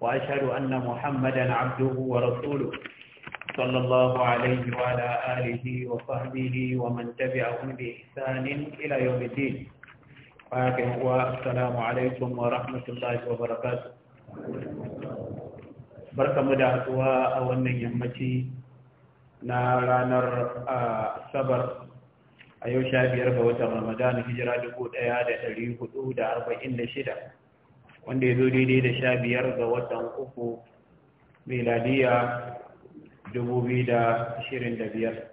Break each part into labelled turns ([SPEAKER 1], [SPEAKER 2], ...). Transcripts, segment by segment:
[SPEAKER 1] وأشهد أن محمدا عبده ورسوله صلى الله عليه وعلى آله وصحبه ومن تبعهم بإحسان إلى يوم الدين السلام عليكم ورحمة الله وبركاته barkamu da haɗuwa a wannan yammaci na ranar asabar a yau sha biyar ga watan ramadan hijira dubu ɗaya da ɗari hudu da arba'in da shida wanda ya zo daidai da sha biyar ga watan uku miladiya dubu biyu da ashirin da biyar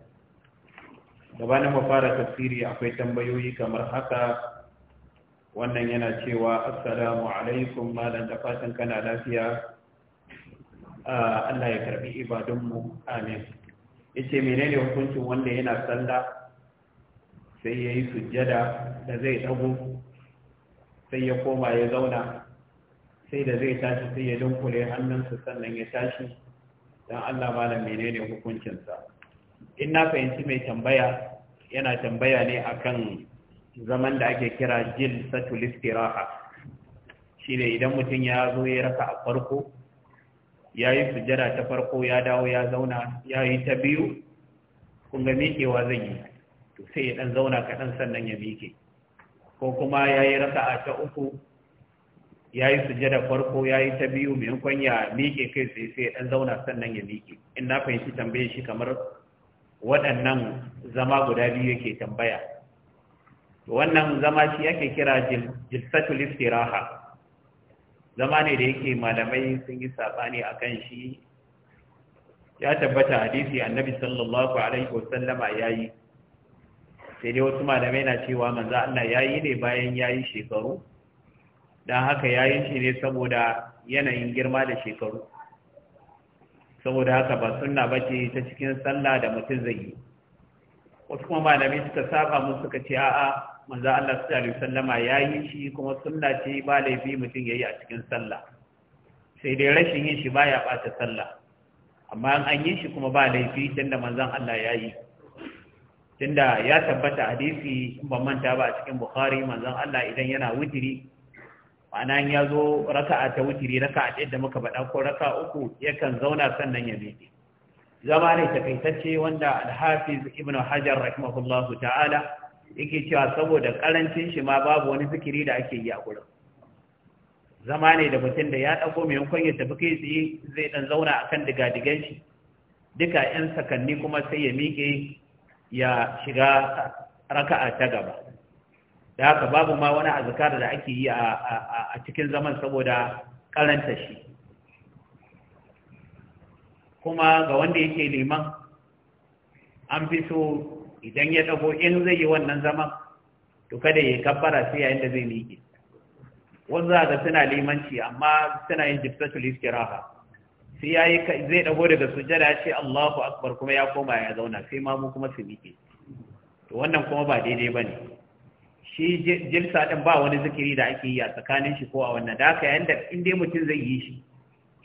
[SPEAKER 1] gabanin mu fara tafsiri akwai tambayoyi kamar haka wannan yana cewa assalamu alaikum malam da fatan kana lafiya Allah ya karbi ibadunmu amin yace menene hukuncin wanda yana sallah sai yayi sujjada da zai dago sai ya koma ya zauna sai da zai tashi sai ya dunkule hannunsa sannan ya tashi don Allah malam menene hukuncinsa in na fahimci mai tambaya yana tambaya ne akan zaman da ake kira jil satul istiraha shine idan mutum ya zo ya raka a farko ya yi sujjada ta farko ya dawo ya zauna ya yi ta biyu kun ga miƙewa zai yi to sai ya dan zauna kaɗan sannan ya miƙe ko kuma ya yi raka ta uku ya yi sujada farko ya yi ta biyu maimakon ya miƙe kai sai sai ɗan zauna sannan ya miƙe in na fahimci tambaye shi kamar waɗannan zama guda biyu yake tambaya wannan zama shi ake kira jilsatul istiraha zama ne da yake malamai sun yi sabani akan shi ya tabbata hadisi annabi sallallahu alaihi wasallama yayi sai dai wasu malamai na cewa manza Allah yayi ne bayan yayi shekaru don haka yayin shi ne saboda yanayin girma da shekaru saboda haka ba sunna ba ce ta cikin sallah da mutum zai yi wasu kuma malami suka saba mu suka ce a'a manzo Allah sallallahu alaihi wasallama yayi shi kuma sunna ce ba laifi mutum yayi a cikin sallah sai dai rashin yin shi baya bata sallah amma an yi shi kuma ba laifi tunda manzon Allah yayi tunda ya tabbata hadisi ba manta ba a cikin Bukhari manzon Allah idan yana wutiri ma'ana ya zo raka'a ta wutiri raka'a ɗaya da muka faɗa ko raka uku yakan zauna sannan ya miƙe zama ne takaitacce wanda alhafiz ibnu hajar rahimahullahu ta'ala yake cewa saboda karancin shi ma babu wani zikiri da ake yi a gurin zama ne da mutum da ya ɗauko mai yankon ya tafi kai tsaye zai ɗan zauna akan digadigan shi duka 'yan sakanni kuma sai ya miƙe ya shiga raka'a ta gaba da haka babu ma wani azkar da ake yi a cikin zaman saboda karanta shi kuma ga wanda yake liman an fi so idan ya dago in zai yi wannan zaman to kada ya kabbara sai yayin da zai miƙe Wanzu za ga suna limanci amma suna yin jiftatul iskiraha sai yayi zai dago daga sujjada ce Allahu akbar kuma ya koma ya zauna sai ma mu kuma su miƙe to wannan kuma ba daidai ba ne. shi jilsa ɗin ba wani zikiri da ake yi a tsakanin shi ko a wannan da haka yayin da in mutum zai yi shi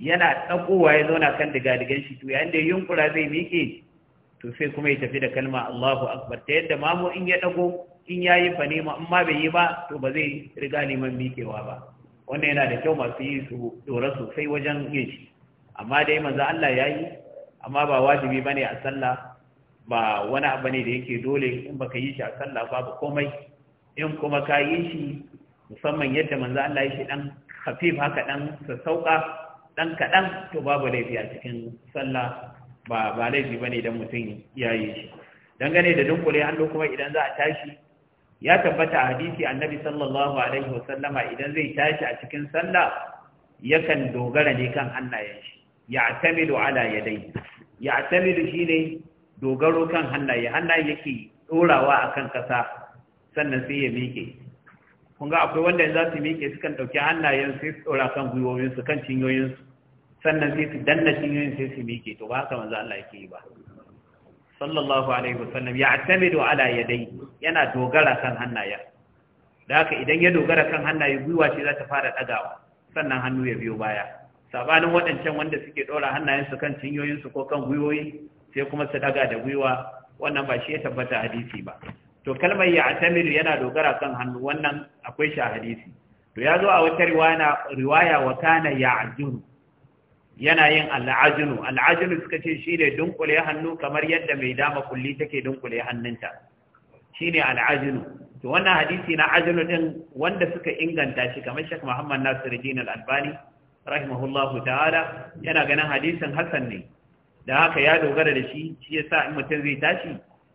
[SPEAKER 1] yana tsakowa ya zauna kan digadigan shi to yayin da yunkura zai miƙe to sai kuma ya tafi da kalma Allahu akbar ta yadda mamu in ya ɗago in ya yi fanima in ma bai yi ba to ba zai riga neman miƙewa ba wannan yana da kyau masu yi su dora sosai wajen yin shi amma dai maza Allah ya yi, amma ba wajibi ne a sallah ba wani abu ne da yake dole in baka yi shi a sallah babu komai in kuma ka yi shi musamman yadda manzo Allah ya shi dan khafif haka dan sassauka dan kadan to babu laifi a cikin sallah ba ba laifi bane dan mutum ya yi shi dangane da dunkule hannu kuma idan za a tashi ya tabbata a hadisi annabi sallallahu alaihi wasallama idan zai tashi a cikin sallah yakan dogara ne kan Allah ya shi ya'tamilu ala yadayhi ya'tamilu shine dogaro kan hannaye hannaye yake dorawa akan kasa sannan sai ya miƙe kun ga akwai wanda za su miƙe sukan ɗauki hannayen sai su ɗora kan su kan su sannan sai su danna cinyoyin sai su miƙe to ba haka manzo Allah yake yi ba sallallahu alaihi wasallam ya atamidu ala yadai yana dogara kan hannayen da haka idan ya dogara kan hannaye gwiwa ce za ta fara ɗagawa sannan hannu ya biyo baya sabanin waɗancan wanda suke ɗora hannayensu kan su ko kan gwiwoyi sai kuma su ɗaga da gwiwa wannan ba shi ya tabbata hadisi ba to kalmar ya'tamilu yana dogara kan hannu wannan akwai shi a hadisi to ya zo a wata riwaya wa kana ya'juru yana yin al'ajinu al'ajinu suka ce shi ne dunkule hannu kamar yadda mai dama kulli take dunkule hannunta shi ne al'ajinu to wannan hadisi na ajinu din wanda suka inganta shi kamar shek muhammad nasir jin al'albani rahimahullahu ta'ala yana ganin hadisin hassan ne da haka ya dogara da shi shi ya sa in mutum zai tashi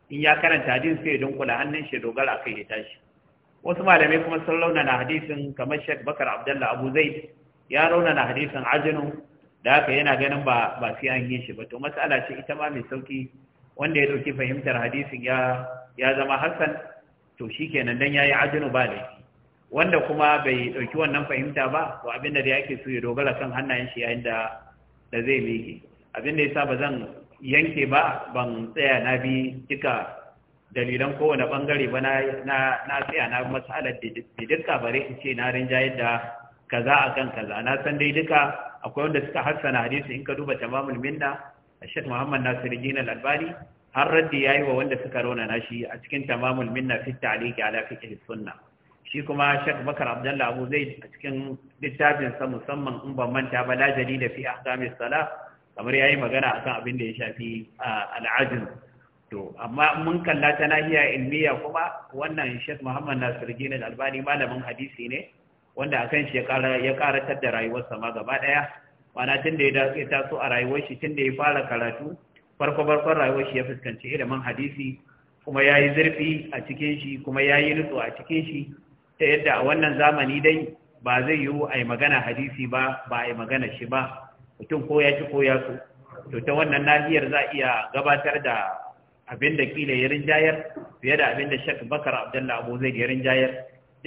[SPEAKER 1] in ya karanta hadisi sai ya dunkula hannun shi dogara a kai ya tashi wasu malamai kuma sun raunana hadisin kamar Sheikh Bakar Abdullah Abu zai ya raunana hadisin ajinu da haka yana ganin ba ba sai an yi shi ba to mas'ala ce ita ma mai sauki wanda ya dauki fahimtar hadisin ya ya zama Hassan to shi shikenan dan yayi ajinu ba ne, wanda kuma bai ɗauki wannan fahimta ba to abinda da yake so ya dogara kan hannayen shi yayin da da zai miƙe da yasa ba zan yanke ba ban tsaya na bi duka dalilan kowane bangare ba na tsaya na matsalar da duka bare in ce na rinja da kaza akan kaza na san dai duka akwai wanda suka hassana hadisi in ka duba tamamul minna a shek Muhammad nasiru jina albani har raddi ya yi wa wanda suka rona na shi a cikin tamamul minna fi ta'liqi ala fiqh sunna shi kuma shek Bakar abdullahi Abu zai a cikin littafinsa musamman in ban manta ba lajali da fi ahkamis salah kamar ya yi magana akan abin da ya shafi al'ajin to amma mun kalla ta nahiya ilmiya kuma wannan Sheikh Muhammad Nasir Al-Albani malamin hadisi ne wanda akan shi ya kara karatar da rayuwarsa ma gaba daya mana tun da ya taso a rayuwar shi tun da ya fara karatu farko farkon rayuwar shi ya fuskanci ilimin hadisi kuma ya yi zurfi a cikin shi kuma ya yi nutsu a cikin shi ta yadda a wannan zamani dai ba zai yiwu a yi magana hadisi ba ba a yi magana shi ba mutum ko ya ci ko ya so to ta wannan nahiyar za a iya gabatar da abin da kila ya rinjayar fiye da abin da shek bakar Abdullahi abu zai ya rinjayar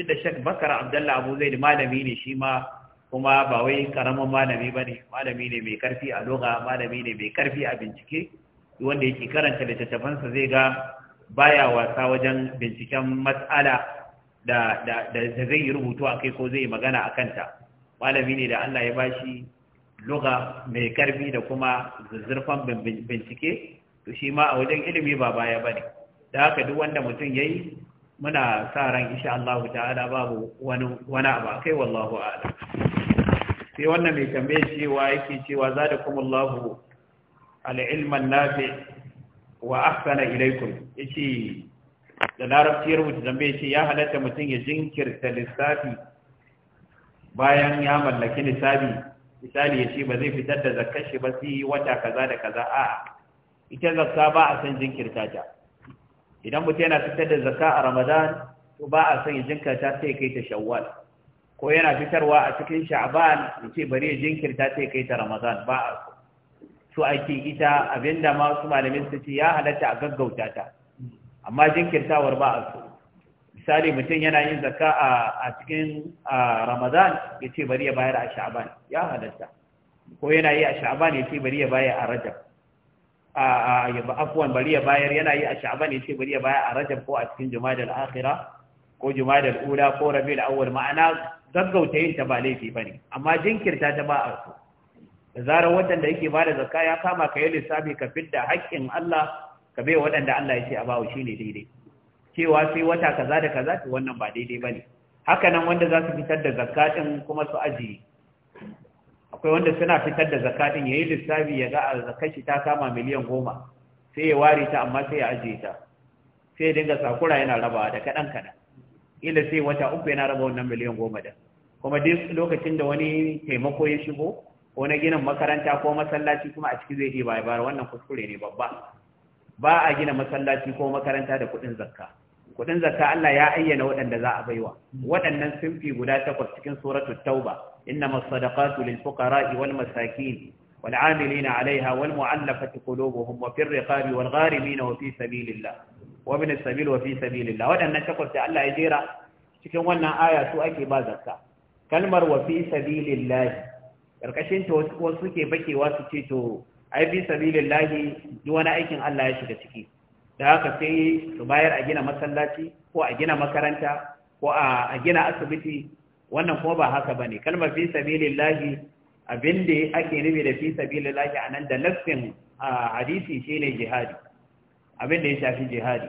[SPEAKER 1] duk da shek bakar Abdullahi abu zai malami ne shi ma kuma ba wai karamin malami ba ne malami ne mai karfi a loga malami ne mai karfi a bincike wanda yake karanta littattafansa zai ga baya wasa wajen binciken matsala da zai yi rubutu a kai ko zai yi magana a kanta malami ne da allah ya bashi luga mai karfi da kuma zurfan bincike to shi ma a wajen ilimi ba baya bane da haka duk wanda mutum yayi muna sa ran insha Allah ta'ala babu wani wani abu kai wallahu a'lam sai wannan mai tambaye cewa yake cewa zadakumullahu al-ilman nafi wa ahsana ilaykum yace da larabciyar mutu zambe ce ya halatta mutum ya jinkirta lissafi bayan ya mallaki lissafi misali ya ce ba zai fitar da zakar shi ba sai wata kaza da kaza a ita zakka ba a san jinkirta ta idan mutum yana fitar da zakka a ramadan to ba a san ya jinkirta sai kai ta shawwal ko yana fitarwa a cikin sha'ban ya ce bari ya jinkirta sai kai ta ramadan ba a so ake ita abinda ma su malamin su ce ya halatta a gaggauta ta amma jinkirtawar ba a so misali mutum yana yin zakka a cikin ramadan ya ce bari ya bayar a sha'aban ya halatta ko yana yi a sha'aban ya ce bari ya bayar a rajab afuwan bari ya bayar yana yi a sha'aban ya ce bari ya bayar a rajab ko a cikin juma'a al-akhira ko juma'a ula ko rabiul awwal ma'ana gaggauta yin ta ba laifi bane amma jinkirta ta ba a so da zarar waɗanda yake bada zakka ya kama ka yi lissafi ka fidda haƙƙin Allah ka bai waɗanda Allah ya ce a bawo shi ne daidai cewa sai wata kaza da kaza to wannan ba daidai bane haka nan wanda za su fitar da zakatin kuma su ajiye akwai wanda suna fitar da zakatin yayi lissafi ya ga zakashi ta kama miliyan goma sai ya ware ta amma sai ya ajiye ta sai ya dinga sakura yana rabawa da kaɗan kaɗan ila sai wata uku yana raba wannan miliyan goma da kuma duk lokacin da wani taimako ya shigo ko na ginin makaranta ko masallaci kuma a ciki zai ɗiba ya bayar wannan kuskure ne babba ba a gina masallaci ko makaranta da kuɗin zakka kudin zakka Allah ya ayyana waɗanda za a baiwa waɗannan sun fi guda takwas cikin suratu tauba Inna sadaqatu lil fuqara'i wal masakin wal 'amilina alaiha, wal mu'allafati qulubuhum wa fir riqabi wal gharimina wa fi sabilillah wa ibn as-sabil wa fi sabilillah waɗannan takwas da Allah ya jera cikin wannan aya su ake ba zakka kalmar wa fi sabilillah karkashin ta wasu suke bakewa su ce to ai fi sabilillah duk wani aikin Allah ya shiga ciki da haka sai su bayar a gina masallaci ko a gina makaranta ko a gina asibiti wannan kuma ba haka bane kalmar fi sabilillahi abin da ake nufi da fi sabilillahi anan da nassin hadisi shine jihadi abin da ya shafi jihadi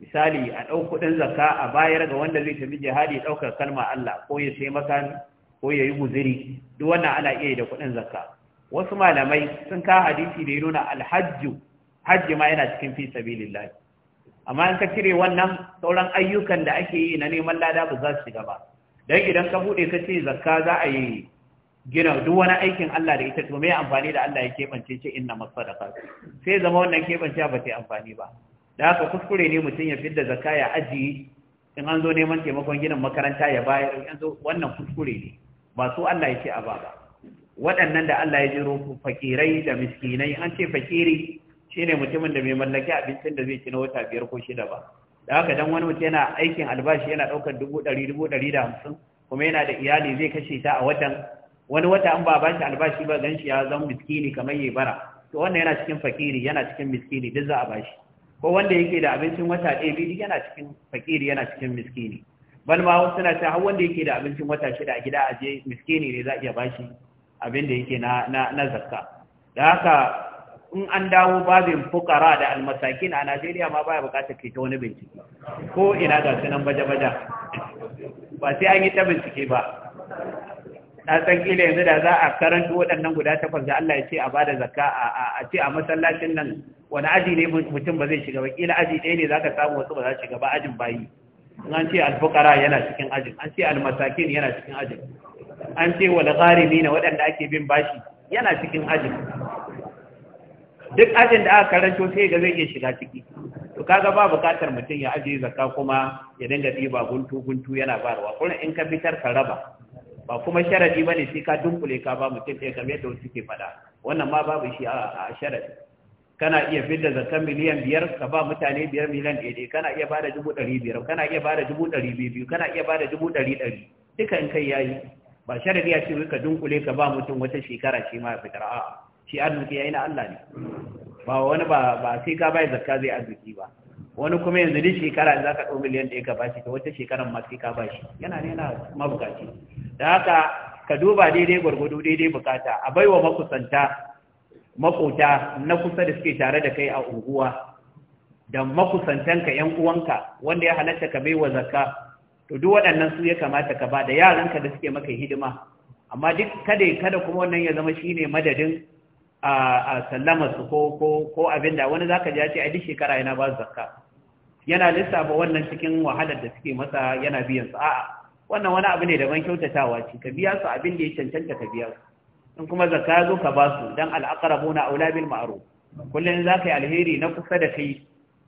[SPEAKER 1] misali a ɗauku kuɗin zakka a bayar ga wanda zai tafi jihadi ɗaukar kalma Allah ko ya sai makan ko ya yi guziri duk wannan ana iya yi da kuɗin zakka wasu malamai sun ka hadisi da ya nuna alhajju hajji ma yana cikin fi sabilillah amma in ka cire wannan sauran ayyukan da ake yi na neman lada ba za su shiga ba dan idan ka bude ka ce zakka za a yi gina duk wani aikin Allah da ita to me amfani da Allah ya kebance ce inna masadaka sai zama wannan kebance ba ta amfani ba da haka kuskure ne mutum ya fidda zakka ya aji in an zo neman taimakon ginin makaranta ya bayar in zo wannan kuskure ne ba su Allah ya ce a ba ba waɗannan da Allah ya jiro fakirai da miskinai an ce fakiri Shi ne mutumin da mai mallaki abincin da zai ci na wata biyar ko shida ba da haka dan wani mutum yana aikin albashi yana daukar dubu ɗari dubu ɗari da hamsin kuma yana da iyali zai kashe ta a watan wani wata an ba bashi albashi ba gan shi ya zama miskini kamar ya bara to wannan yana cikin fakiri yana cikin miskini duk za a bashi ko wanda yake da abincin wata ɗaya biyu yana cikin fakiri yana cikin miskini bal ma wasu suna cewa wanda yake da abincin wata shida a gida a je miskini ne za a iya bashi abin da yake na na na zakka da haka in an dawo babin fukara da almasakin a Najeriya ma baya bukatar ke ta wani bincike
[SPEAKER 2] ko ina ga sunan baje-baje? ba sai an
[SPEAKER 1] yi ta bincike ba
[SPEAKER 2] na san kila yanzu da
[SPEAKER 1] za a karanto waɗannan guda takwas da Allah ya ce a bada zakka a ce a masallacin nan wani aji ne mutum ba zai shiga ba kila aji ɗaya ne zaka samu wasu ba za shiga ba ajin bayi an ce alfukara yana cikin ajin an ce almasakin yana cikin ajin an ce wal gharimi na waɗanda ake bin bashi yana cikin ajin duk ajin da aka karanto sai ga zai iya shiga ciki to kaga ba bukatar mutum ya ajiye zakka kuma ya dinga ɗiba guntu guntu yana barwa kullum in ka fitar ka raba ba kuma sharadi bane sai ka dunkule ka ba mutum ɗaya kamar yadda wasu ke faɗa wannan ma babu shi a sharadi kana iya fidda zakkan miliyan biyar ka ba mutane biyar miliyan ɗaya kana iya bada dubu ɗari biyar kana iya bada dubu ɗari biyu kana iya bada dubu ɗari ɗari duka in kai yayi ba sharadi ya ce ka dunkule ka ba mutum wata shekara shi ma ya fitar a'a shi arziki yayi na Allah ne ba wani ba ba sai ka bai zakka zai arziki ba wani kuma yanzu duk shekara za ka ɗau miliyan da ka shi ta wata shekaran ma sai ka bashi yana ne yana mabukaci da haka ka duba daidai gwargwado daidai bukata a baiwa makusanta makota na kusa da suke tare da kai a unguwa da makusantanka yan uwanka wanda ya halatta ka baiwa zakka to duk waɗannan su ya kamata ka ba da yaranka da suke maka hidima amma duk kada kada kuma wannan ya zama shine madadin a sallama su ko abinda wani zaka ji ya ce a duk shekara yana ba zakka yana lissafa wannan cikin wahalar da suke masa yana biyan su a'a wannan wani abu ne ban kyautatawa ce ka biya su abin da ya cancanta ka biya su in kuma zakka zo ka ba su dan al-aqrabuna aula bil ma'ruf kullun zaka yi alheri na kusa da kai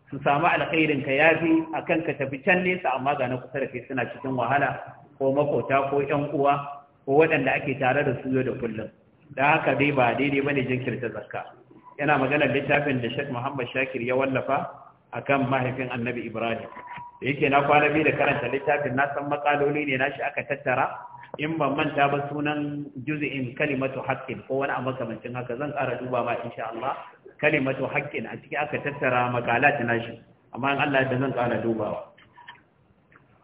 [SPEAKER 1] su samu alkhairin ka yafi akan ka tafi can nesa amma ga na kusa da kai suna cikin wahala ko makota ko ƴan uwa ko waɗanda ake tare da su yau da kullum da haka dai ba daidai bane jinkirta zakka yana maganar littafin da Sheikh Muhammad Shakir ya wallafa akan mahaifin Annabi Ibrahim da yake na kwana biyu da karanta littafin na san makaloli ne nashi aka tattara in ban manta ba sunan juz'in kalimatu haqqin ko wani abu haka zan ƙara duba ma insha Allah kalimatu haqqin a ciki aka tattara makalat nashi amma in Allah da zan ƙara dubawa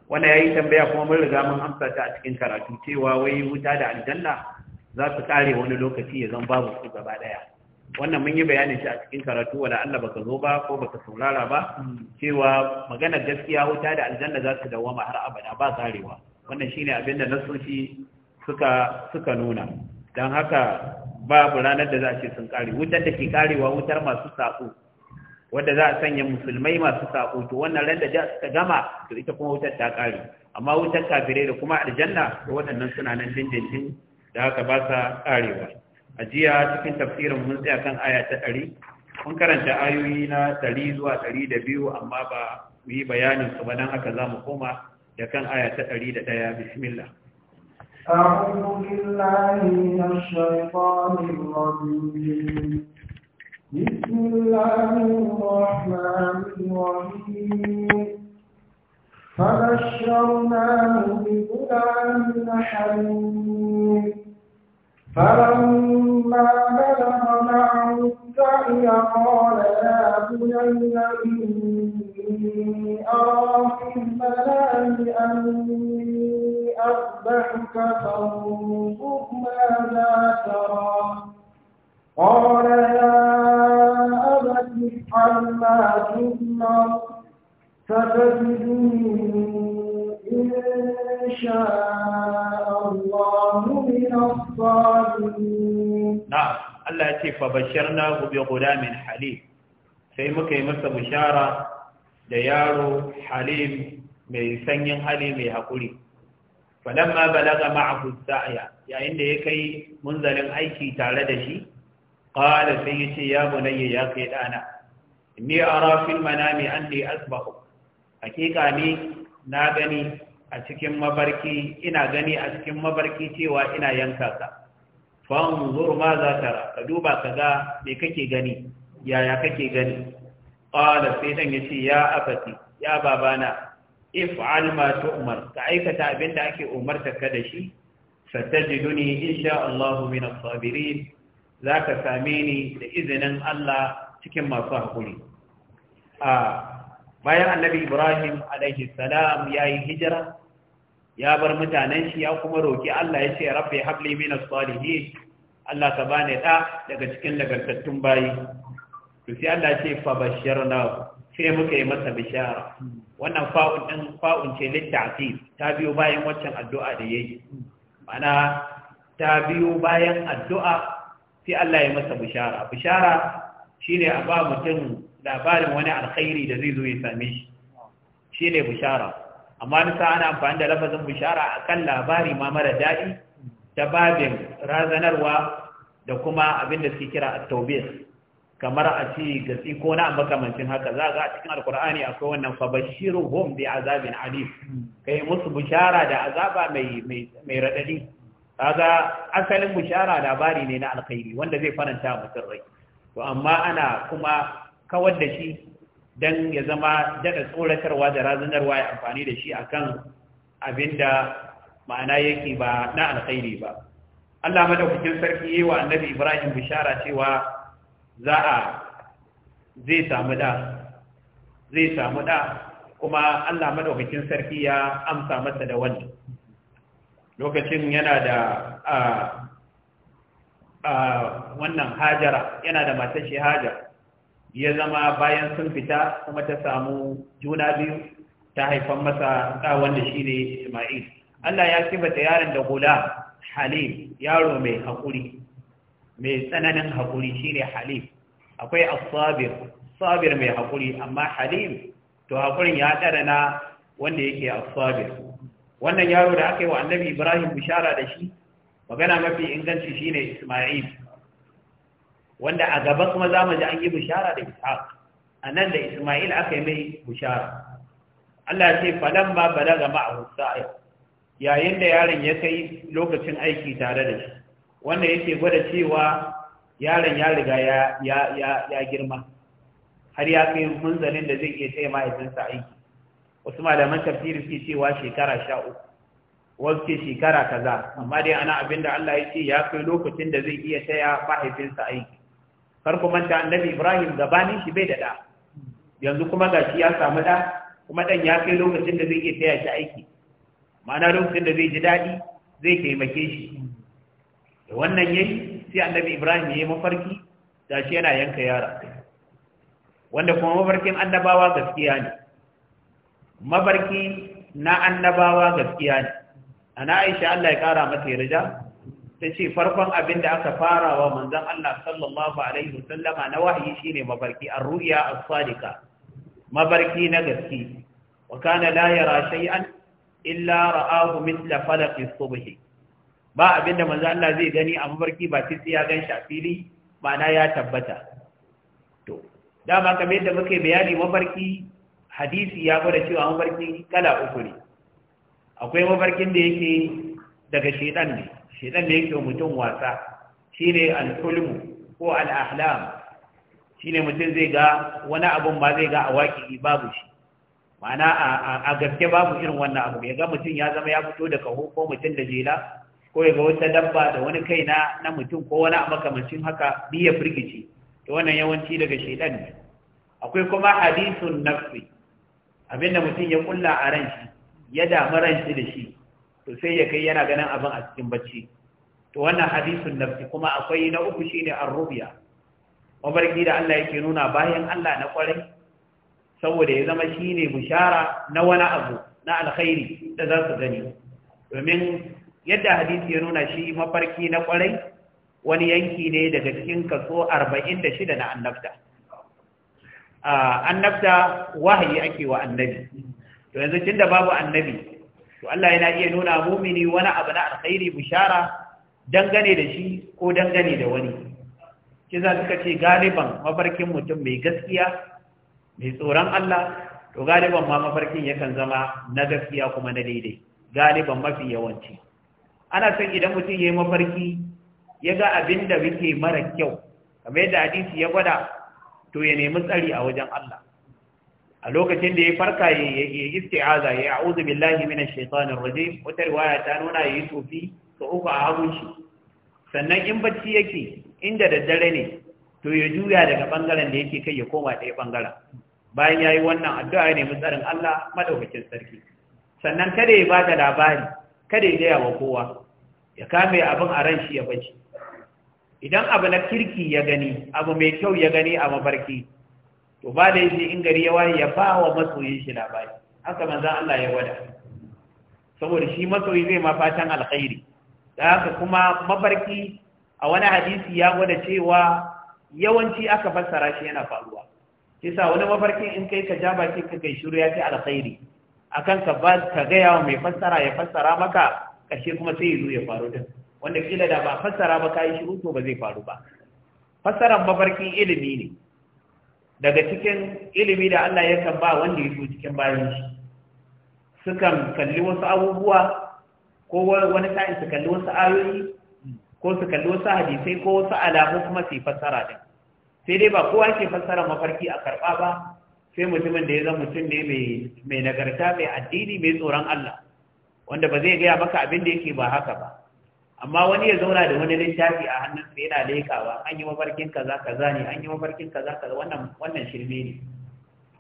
[SPEAKER 1] wannan yayi tambaya kuma mun riga mun amsa ta a cikin karatu cewa wai wuta da aljanna za su kare wani lokaci ya zan babu su gaba daya wannan mun yi bayanin shi a cikin karatu wala Allah baka zo ba ko baka saurara ba cewa magana gaskiya wuta da aljanna za su dawama har abada ba karewa wannan shine abin da nasoci suka suka nuna dan haka babu ranar da za a ce sun kare wutar da ke karewa wutar masu sako wanda za a sanya musulmai masu sako to wannan ran da ta gama to ita kuma wutar ta kare amma wutar kafirai da kuma aljanna to waɗannan suna nan dindindin da haka ba sa karewa a jiya cikin tafsirin mun tsaya kan aya ta ɗari mun karanta ayoyi na ɗari zuwa ɗari da biyu amma ba mu yi bayanin su ba don haka za mu koma da kan aya ta ɗari da ɗaya bismillah
[SPEAKER 2] أعوذ بالله من الشيطان الرجيم بسم الله الرحمن الرحيم فبشرناه بغلام حليم فلما بلغ معه السعي قال يا بني إني أرى في المنام أني أذبحك فانظر ماذا ترى قال يا أبت افعل ما تؤمر allah إن شاء الله na الصالحين
[SPEAKER 1] guda min يتي sai muka yi masa bishara da yaro halim mai sanyin hali mai haƙuri ma balaga ma'ahu sa'ya yayin da ya kai munzalin aiki tare da shi qala sai yace ya bunayya ya kai ɗana. inni ara fil manami anni asbahu hakika ne na gani a cikin mabarki ina gani a cikin mabarki cewa ina yanka ka fanzur ma za ta ka duba ka ga me kake gani yaya kake gani qala sai dan yace ya abati ya babana if'al ma tu'mar ka aikata abinda ake umarta ka da shi satajiduni insha Allah min as-sabirin zaka same ni da izinin Allah cikin masu hakuri a bayan annabi ibrahim alaihi salam ya yi hijira ya bar mutanen shi ya kuma roki Allah ya ce rabbi habli min as-salihin Allah ka bani da daga cikin lagartattun bayi to sai Allah ya ce fa bashirna sai muka yi masa bishara wannan fa'un din fa'un ce litta'til ta biyo bayan waccan addu'a da yayi mana ta biyo bayan addu'a sai Allah ya masa bishara bishara shine a ba mutum labarin wani alkhairi da zai zo ya same shi shi ne bishara amma nisa ana amfani da lafazin bishara a kan labari ma mara daɗi ta babin razanarwa da kuma abin da suke kira a kamar a ci gatsi ko na makamancin haka za ga a cikin alkur'ani akwai wannan fabashiru hom, bi azabin alif kai musu bishara da azaba mai raɗaɗi? radadi kaga asalin bishara labari ne na alkhairi wanda zai faranta mutum rai to amma ana kuma kawar da shi don ya zama daɗa tsoratarwa da razanarwa ya amfani da shi akan abin da ma'ana yake ba na alkhairi ba Allah madaukakin sarki yi wa annabi Ibrahim bishara cewa za a zai samu da zai samu da kuma Allah madaukakin sarki ya amsa masa da wani. lokacin yana da wannan hajara yana da matashi hajara ya zama bayan sun fita kuma ta samu juna biyu ta haifan masa ɗa wanda shi ne Ismail. Allah ya sifata yaron da gula Halim yaro mai haƙuri, mai tsananin haƙuri shi ne Halim. Akwai asabir, sabir mai haƙuri, amma Halim to haƙurin ya ɗara na wanda yake asabir. Wannan yaro da aka yi wa annabi Ibrahim bishara da shi, magana mafi inganci shi ne Ismail. wanda a gaba kuma za mu ji an yi bishara da ishaq a nan da isma'il aka yi mai bishara Allah ya ce falan ba balaga a sa'i yayin da yaron ya kai lokacin aiki tare da shi wanda yake gwada cewa yaron ya riga ya girma har ya kai munzalin da zai iya taya mahaifinsa aiki wasu malaman tafsiri ke cewa shekara sha uku wasu ke shekara kaza amma dai ana abinda Allah ya ce ya kai lokacin da zai iya taya mahaifinsa aiki kar ku manta annabi Ibrahim gabanin shi bai da da yanzu kuma gashi ya samu da kuma dan ya kai lokacin da zai iya taya shi aiki ma'ana lokacin da zai ji daɗi zai taimake shi da wannan yayi sai annabi Ibrahim ya yi mafarki shi yana yanka yara wanda kuma mafarkin annabawa gaskiya ne mafarki na annabawa gaskiya ne ana Aisha Allah ya kara mata yarda ta ce farkon abin da aka fara wa manzan Allah sallallahu Alaihi wasallama na wahayi shi ne mabarki a ruriya a sadika mabarki na gaske wa kana la yara an illa ra'ahu mitla falafi subhi ba abin da manzan Allah zai gani a mabarki ba titi ya gan shi a fili ma'ana ya tabbata to dama kamar yadda muke bayani mabarki hadisi ya gwada cewa mabarki kala uku ne akwai mabarkin da yake daga ɗan ne shedan da yake mutum wasa shine al-hulm ko al-ahlam shine mutum zai ga wani abun ba zai ga a waƙi babu shi ma'ana a gaske babu irin wannan abu ya ga mutum ya zama ya fito da kaho ko mutum da jela ko ya ga wata dabba da wani kai na na mutum ko wani makamancin haka ya firgici to wannan yawanci daga shedan ne akwai kuma hadisun nafsi abinda mutum ya kulla a ran shi ya damu ran da shi to sai ya kai yana ganin abin a cikin bacci to wannan hadisun nafsi kuma akwai na uku shine ar-ru'ya mabarki da Allah yake nuna bayan Allah na kwarai saboda ya zama shine bishara na wani abu na alkhairi da za su gani domin yadda hadisi ya nuna shi mafarki na kwarai wani yanki ne daga cikin kaso 46 na annabta annabta wahayi ake wa annabi to yanzu tunda babu annabi to Allah yana iya nuna mumini wani abu na alkhairi bishara dangane da shi ko dangane da wani kiza suka ce galiban mafarkin mutum mai gaskiya mai tsoron Allah to galiban ma mafarkin yakan zama na gaskiya kuma na daidai galiban mafi yawanci ana son idan mutum ya yi mafarki ya ga abin da muke mara kyau kamar yadda hadisi ya gwada to ya nemi tsari a wajen Allah a lokacin da ya farka ya isti'aza ya a'udhu billahi minash shaitanir rajim wata riwaya ta nuna yayi tofi to uku a hagun shi sannan in bacci yake inda daddare ne to ya juya daga bangaren da yake kai ya koma ɗaya bangaren bayan yayi wannan addu'a ne nemi tsarin Allah madaukakin sarki sannan kada ya bada labari kada ya gaya wa kowa ya kame abin a ran shi ya bacci idan abu na kirki ya gani abu mai kyau ya gani a mafarki to ba da yake in gari ya waye ya ba wa masoyin shi labari haka manzo Allah ya wada saboda shi masoyi zai ma fatan alkhairi da haka kuma mabarki a wani hadisi ya gwada cewa yawanci aka fassara shi yana faruwa kisa wani mafarkin in kai ka ja baki ka kai shiru ya ce alkhairi akan ka ba ka gaya wa mai fassara ya fassara maka kashe kuma sai ya zo ya faru din wanda kila da ba fassara ba kai shiru to ba zai faru ba fassaran mafarkin ilimi ne daga cikin ilimi da Allah ya kan ba wanda ya so cikin bayan shi sukan kalli wasu abubuwa ko wani sa'in su kalli wasu ayoyi ko su kalli wasu hadisai ko wasu alamu kuma su fassara din sai dai ba kowa ke fassara mafarki a karɓa ba sai mutumin da ya zama mutum ne mai nagarta mai addini mai tsoron Allah wanda ba zai gaya maka abin da yake ba haka ba amma wani ya zauna da wani littafi a hannun hannunsa yana lekawa an yi mafarkin kaza kaza ne an yi mafarkin kaza kaza wannan wannan shirme ne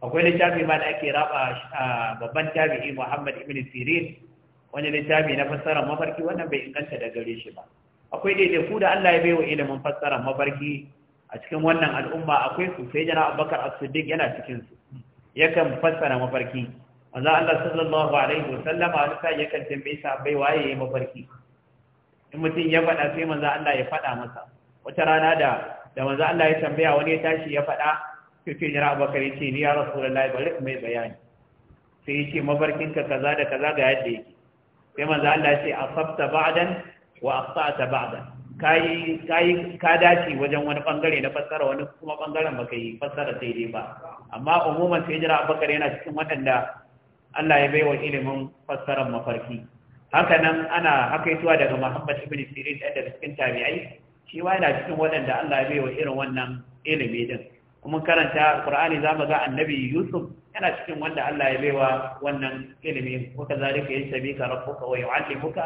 [SPEAKER 1] akwai littafi ma da ake raba babban tabi'i Muhammad ibn Sirin wani littafi na fassarar mafarki wannan bai inganta da gare shi ba akwai ku da Allah ya bai wa ilimin fassarar mafarki a cikin wannan al'umma akwai su sai jana Abubakar As-Siddiq yana cikin su yakan fassara mafarki manzo Allah sallallahu alaihi wasallama wani sai yakan tambaye sa bai waye mafarki in mutum ya faɗa sai manzo Allah ya faɗa masa wata rana da da manzo Allah ya tambaya wani ya tashi ya faɗa sai ce jira Abubakar yace ni ya Rasulullahi bari mai bayani sai yace mafarkin ka kaza da kaza ga yadda yake sai manzo Allah ya ce asabta ba'dan wa akhta'ta ba'dan kai kai ka dace wajen wani bangare na fassara wani kuma bangaren baka yi fassara sai dai ba amma umuman sai jira Abubakar yana cikin waɗanda Allah ya bai wa ilimin fassarar mafarki Hakanan ana hakaituwa daga Muhammad ibn Sirin da daga cikin tabi'ai shi ma yana cikin waɗanda Allah ya baiwa irin wannan ilimi din kuma karanta Qur'ani zamu ga Annabi Yusuf yana cikin wanda Allah ya baiwa wannan ilimi wa kazalika yasbika rabbuka wa yu'allimuka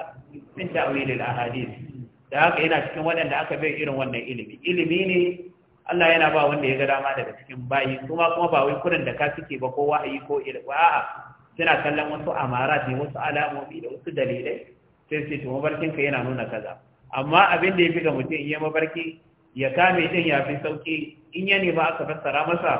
[SPEAKER 1] min ta'wil al-ahadith da haka yana cikin waɗanda aka bai irin wannan ilimi ilimi ne Allah yana ba wanda ya ga dama daga cikin bayi kuma kuma ba wai kurin da ka suke ba ko ayi ko ilimi a'a suna kallon wasu amara da wasu alamomi da wasu dalilai sai su ce mafarkin ka yana nuna kaza amma abin da ya fi ga mutum in ya mafarki ya kame din ya fi sauki in ya nema aka fassara masa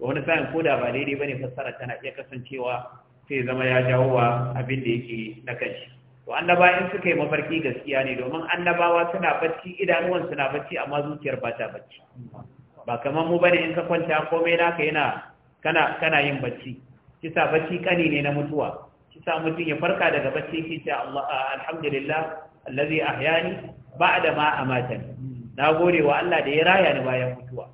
[SPEAKER 1] to wani sa'in ko da ba daidai ba ne fassara tana iya kasancewa sai zama ya jawo wa abin da yake na kanshi to annabawa in suka yi mafarki gaskiya ne domin annabawa suna bacci idanuwan suna bacci amma zuciyar ba ta bacci ba kamar mu bane in ka kwanta komai naka yana kana kana yin bacci kisa bacci kani ne na mutuwa kisa mutum ya farka daga bacci shi ce Allah alhamdulillah allazi ahyani ba'da ma amatani na gode wa Allah da ya raya ni bayan mutuwa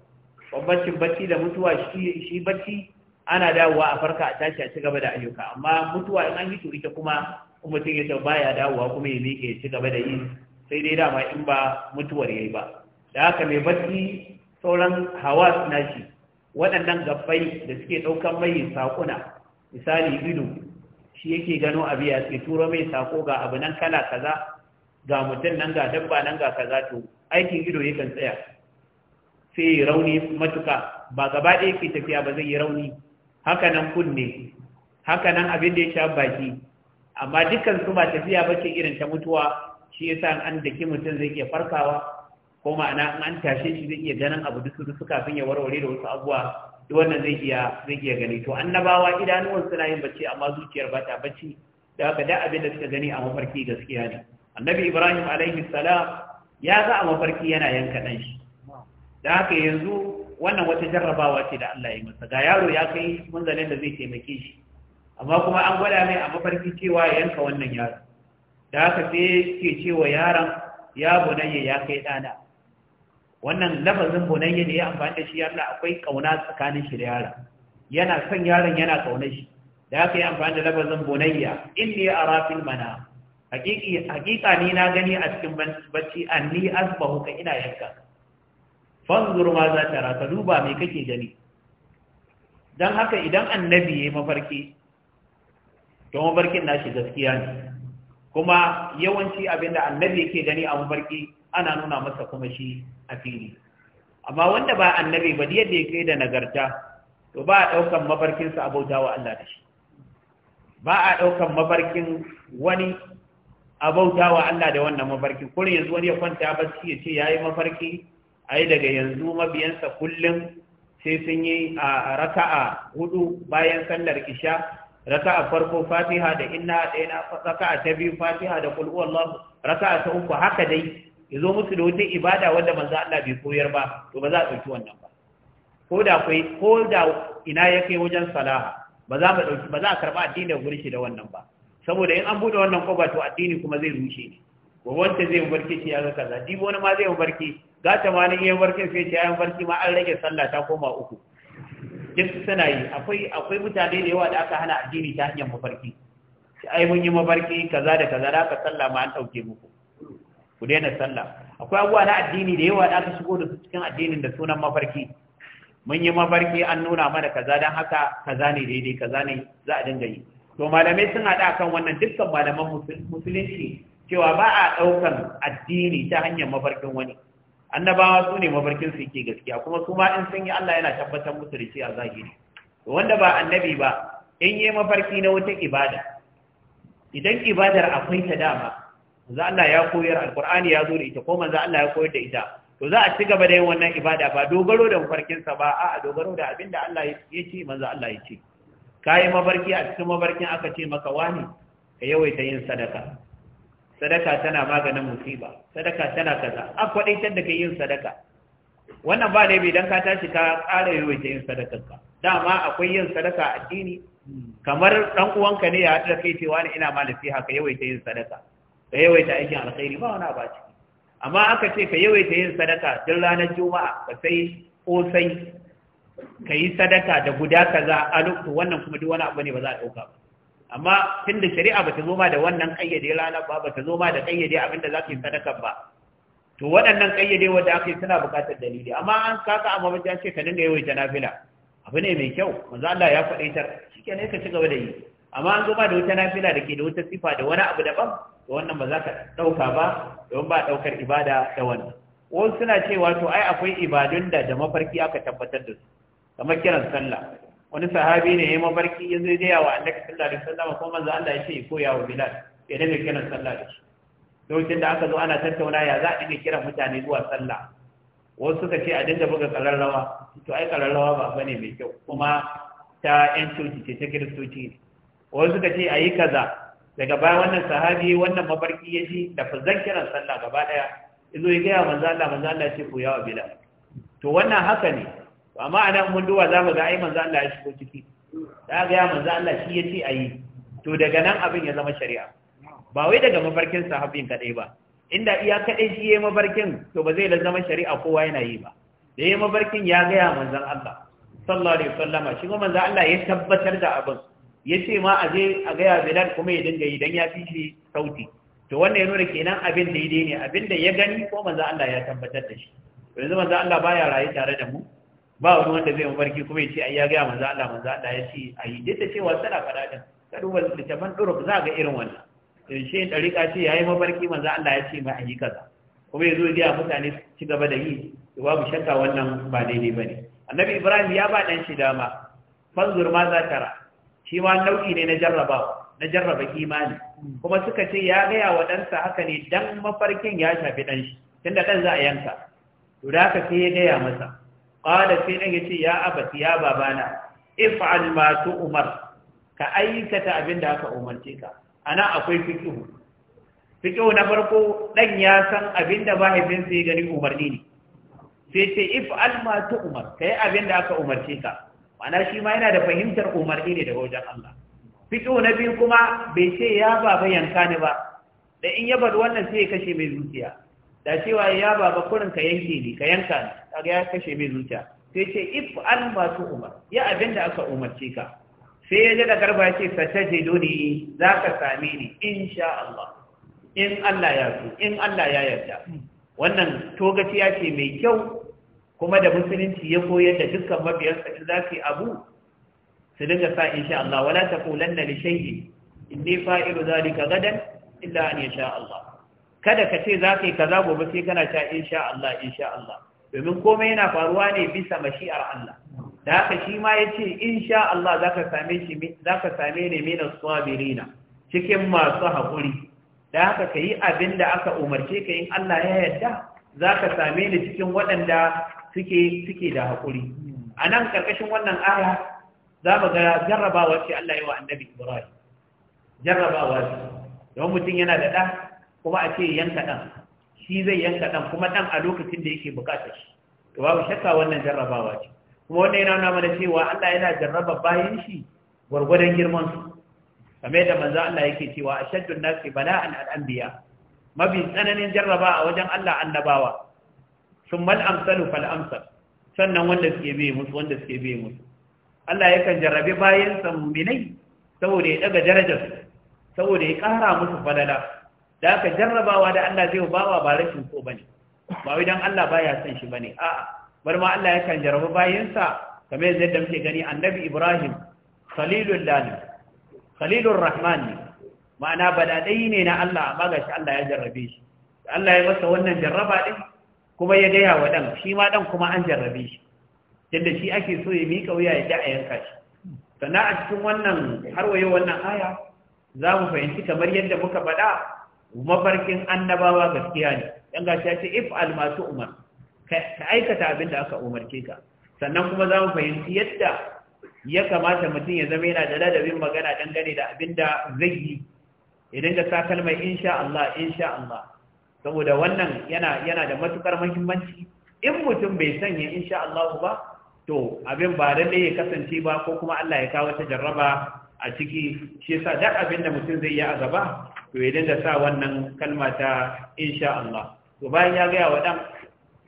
[SPEAKER 1] babbacin bacci da mutuwa shi shi bacci ana dawowa a farka a tashi a ci gaba da ayyuka amma mutuwa in an yi to ita kuma mutum ya tau baya dawowa kuma ya miƙe ya ci gaba da yi sai dai dama in ba mutuwar yayi ba da haka mai bacci sauran hawa na shi waɗannan gabbai da suke ɗaukan mai sakuna misali ido shi yake gano abu ya ce turo mai sako ga abu nan kala kaza ga mutum nan ga dabba nan ga kaza to aikin ido ya kan tsaya sai yi rauni matuka ba gaba ɗaya ke tafiya ba zai yi rauni haka nan kunne haka nan abin da ya sha baki amma dukkan su ba tafiya ba ce irin ta mutuwa shi yasa an daki mutum zai iya farkawa ko ma'ana an tashe shi zai iya ganin abu dusu dusu kafin ya warware da wasu abubuwa duk wannan zai iya zai iya gani to annabawa idanuwan suna yin bacci amma zuciyar ba ta bacci da haka da abin da suka gani a mafarki gaskiya ne annabi ibrahim alaihi salam ya ga a mafarki yana yanka dan shi da haka yanzu wannan wata jarrabawa ce da Allah ya masa ga yaro ya kai munzalin da zai taimake shi amma kuma an gwada mai a mafarki cewa ya yanka wannan yaro da haka sai ke cewa yaron ya bunayya ya kai dana wannan lafazin bunayya ne ya amfani da shi yalla akwai kauna tsakanin shi da yaron yana son yaron yana kaunar shi da aka yi amfani da lafazin bunayya inni ara fil mana haqiqi ni na gani a cikin bacci anni asbahu ka ina yanka fanzur ma za ta raka duba me kake gani dan haka idan annabi yayi mafarki to mafarkin nashi gaskiya ne kuma yawanci abinda annabi yake gani a mafarki ana nuna masa kuma shi a fili amma wanda ba annabi ba yadda ya kai da nagarta to ba a ɗaukan sa abauta wa Allah da shi ba a ɗaukan mafarkin wani abauta wa Allah da wannan mafarki kurin yanzu wani ya kwanta bacci ya ce ya mafarki Ayi daga yanzu mabiyansa kullum sai sun yi a raka'a hudu bayan sallar isha raka'a farko fatiha da inna ɗaya na raka'a ta biyu fatiha da kulhu Allah raka'a ta uku haka dai ya zo musu da wata ibada wanda manzo Allah bai koyar ba to ba za a ɗauki wannan ba ko da kai ko da ina ya kai wajen salaha ba za mu dauki ba za a karba addini da gurshi da wannan ba saboda in an buɗe wannan koba to addini kuma zai rushe ne ko wanda zai barke shi ya ga kaza dibo wani ma zai barke gata ma ne ya barke sai ya barke ma an rage sallah ta koma uku duk suna yi akwai akwai mutane da yawa da aka hana addini ta hanyar mafarki ai mun yi mafarki kaza da kaza da aka sallah ma an ɗauke muku ku daina sallah akwai abubuwa na addini da yawa da aka shigo da su cikin addinin da sunan mafarki mun yi mafarki an nuna mana kaza don haka kaza ne daidai kaza ne za a dinga yi to malamai sun haɗa kan wannan dukkan malaman musulunci cewa ba a ɗaukan addini ta hanyar mafarkin wani annabawa su ne mafarkin su yake gaskiya kuma su ma in sun yi Allah yana tabbatar musu da shi a zahiri wanda ba annabi ba in yi mafarki na wata ibada idan ibadar akwai ta dama manzo Allah ya koyar alqur'ani ya zo da ita ko manzo Allah ya koyar da ita to za a ci gaba da yin wannan ibada ba dogaro da mafarkin sa ba a'a dogaro da abin da Allah ya ce manzo Allah ya ce kai mafarki a cikin mafarkin aka ce maka wani ka yawaita yin sadaka sadaka tana maganin musiba sadaka tana kaza a kwadaitar da kai yin sadaka wannan ba laifi dan ka tashi ka ƙara yawaita yin sadakarka dama akwai yin sadaka a addini kamar dan uwanka ne ya haɗu da kai cewa ina ma nasiha ka yawaita yin sadaka ka yawaita aikin alkhairi ba wani abu a ciki amma aka ce ka yawaita yin sadaka duk ranar juma'a ka sai kosai ka yi sadaka da guda kaza a lokacin wannan kuma duk wani abu ne ba za a ɗauka ba amma tun da shari'a ba ta zo ma da wannan ƙayyade ranar ba ba ta zo ma da ƙayyade abin da za ka yi sadaka ba to waɗannan ƙayyade wanda aka yi suna buƙatar dalili amma an kaka a mabata ce ka dinga yawaita nafila abu ne mai kyau manzo Allah ya faɗaitar ne ka ci gaba da yi amma an zo ma da wata nafila da ke da wata sifa da wani abu daban to wannan ba za ka ɗauka ba don ba ɗaukar ibada da wannan wasu suna cewa to ai akwai ibadun da da mafarki aka tabbatar da su kamar kiran sallah wani sahabi ne ya yi mafarki ya zai gaya wa annabi sallallahu alaihi wasallam ko manzo Allah ya ce ya wa Bilal ya dinga kiran sallah da shi lokacin da aka zo ana tattauna ya za a dinga kiran mutane zuwa sallah wasu suka ce a dinga buga kararrawa to ai kararrawa ba bane mai kyau kuma ta yan coci ce ta kiristoci ne. wasu suka ce a yi kaza daga baya wannan sahabi wannan mafarki ya ji da fazakiran sallah gaba daya izo ya gaya manzo Allah manzo Allah ce ko yawa bila to wannan haka ne amma anan mun duba zamu ga ai manzo Allah ya shigo ciki da ga ya manzo Allah shi ya ce ayi to daga nan abin ya zama shari'a ba wai daga mafarkin sahabin kadai ba inda iya kadai shi yayi mafarkin to ba zai zama shari'a kowa yana yi ba da yayi mafarkin ya gaya manzo Allah sallallahu alaihi wasallama shi manzo Allah ya tabbatar da abin ya ce ma a je a gaya bilal kuma ya dinga yi don ya fi shi sauti to wannan ya nuna kenan abin da daidai ne abin da ya gani ko manzo Allah ya tabbatar da shi yanzu manzo Allah baya rayu tare da mu ba wani wanda zai mafarki kuma ya ce ai ya gaya manzo Allah manzo Allah ya ce ai duk da cewa tana fada din ka duba littafin duruk za ga irin wannan eh, shi dariƙa ce yayi mafarki manzo Allah ya ce mai ayi kaza kuma yazo ya gaya mutane ci gaba da yi babu shakka wannan ba daidai bane annabi ibrahim ya ba dan shi dama fanzur ma za tara shi ma nau'i ne na jarrabawa na jarraba imani kuma suka ce ya gaya wa ɗansa haka ne dan mafarkin ya shafi ɗan shi tunda ɗan za a yanka to da haka sai ya gaya masa qala sai ɗan ya ce ya abati ya babana if'al ma umar ka aikata abin da aka umarce ka ana akwai fiqhu fiqhu na farko ɗan ya san abin da mahaifinsa ya gani umarni ne sai ce if'al ma umar kai abin da aka umarce ka ma'ana shi ma yana da fahimtar umarni ne daga wajen Allah fito na biyu kuma bai ce ya baba yanka ni ba da in ya bar wannan sai ya kashe mai zuciya da cewa ya baba kurin ka yanke ni ka yanka ni kaga ya kashe mai zuciya sai ce if an masu umar ya abin da aka umarce ka sai ya ji da garba ya ce sataje doni za ka same ni insha Allah in Allah ya so in Allah ya yarda wannan togaciya ce mai kyau kuma da musulunci ya koyar da dukkan mabiyansa in za su abu su dinga sa insha Allah wala taqulanna li in ne fa'ilu zalika gadan illa an yasha Allah kada ka ce za ka yi kaza gobe sai kana ta insha Allah Allah domin komai yana faruwa ne bisa mashi'ar Allah da haka shi ma yace ce, Allah zaka same shi same ne min sabirina cikin masu haƙuri da haka kayi abin da aka umarce ka in Allah ya yarda zaka same ni cikin waɗanda suke suke da hakuri. a nan ƙarƙashin wannan aya za mu ga jarrabawa ce Allah ya wa annabi Ibrahim jarrabawa ce don mutum yana da ɗa kuma a ce yanka ɗan shi zai yanka ɗan kuma ɗan a lokacin da yake buƙatar shi to babu shakka wannan jarrabawa ce kuma wannan yana nuna mana cewa Allah yana jarraba bayan shi gwargwadon girman su kamar yadda manzo Allah yake cewa ashaddun nasi bala'an al-anbiya mabi tsananin jarraba a wajen Allah annabawa sun mal amsalu sannan wanda suke biye musu wanda suke biye musu Allah yakan jarrabe bayan samminai saboda ya ɗaga darajar saboda ya ƙara musu falala da aka jarrabawa da Allah zai bawa ba rashin so bane ba wai don Allah baya son shi bane a'a bar ma Allah yakan jarrabe bayansa kamar yadda muke gani annabi Ibrahim khalilul lani khalilur rahman ne ma'ana badadai ne na Allah amma gashi Allah ya jarrabe shi Allah ya masa wannan jarraba din kuma ya gaya wa ɗan shi ma ɗan kuma an jarrabe shi yadda shi ake so ya miƙa wuya ya ji a yanka shi sannan a cikin wannan har wayo wannan aya za mu fahimci kamar yadda muka faɗa mafarkin annabawa gaskiya ne ɗan gashi ya ce if masu umar ka aikata abin da aka umarce ka sannan kuma za mu fahimci yadda ya kamata mutum ya zama yana da ladabin magana dangane da abin da zai yi idan da sa kalmar insha Allah insha Allah saboda wannan yana yana da matukar muhimmanci in mutum bai sanya insha Allah ba to abin ba ne ya kasance ba ko kuma Allah ya kawo wata jarraba a ciki shi yasa duk abin da mutum zai yi a gaba to ya da sa wannan kalma ta insha Allah to bayan ya ga wa dan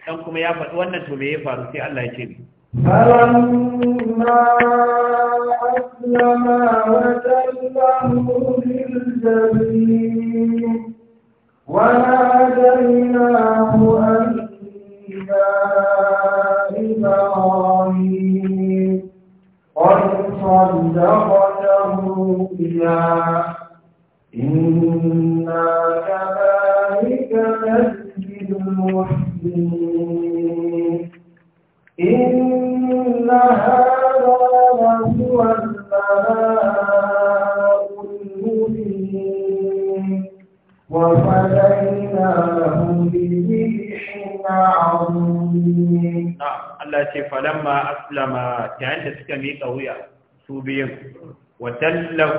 [SPEAKER 1] dan kuma ya faɗi wannan to me ya faru sai Allah ya ce ni
[SPEAKER 2] فلما أسلما وناديناه أن يا إبراهيم قد صدقته الرؤيا إنا كذلك نسجد المحسنين إن هذا لهو البلاء وفديناه بذبح عظيم نعم الله يقول فلما
[SPEAKER 1] أسلم يعني تسكمي قوية سوبيا وتله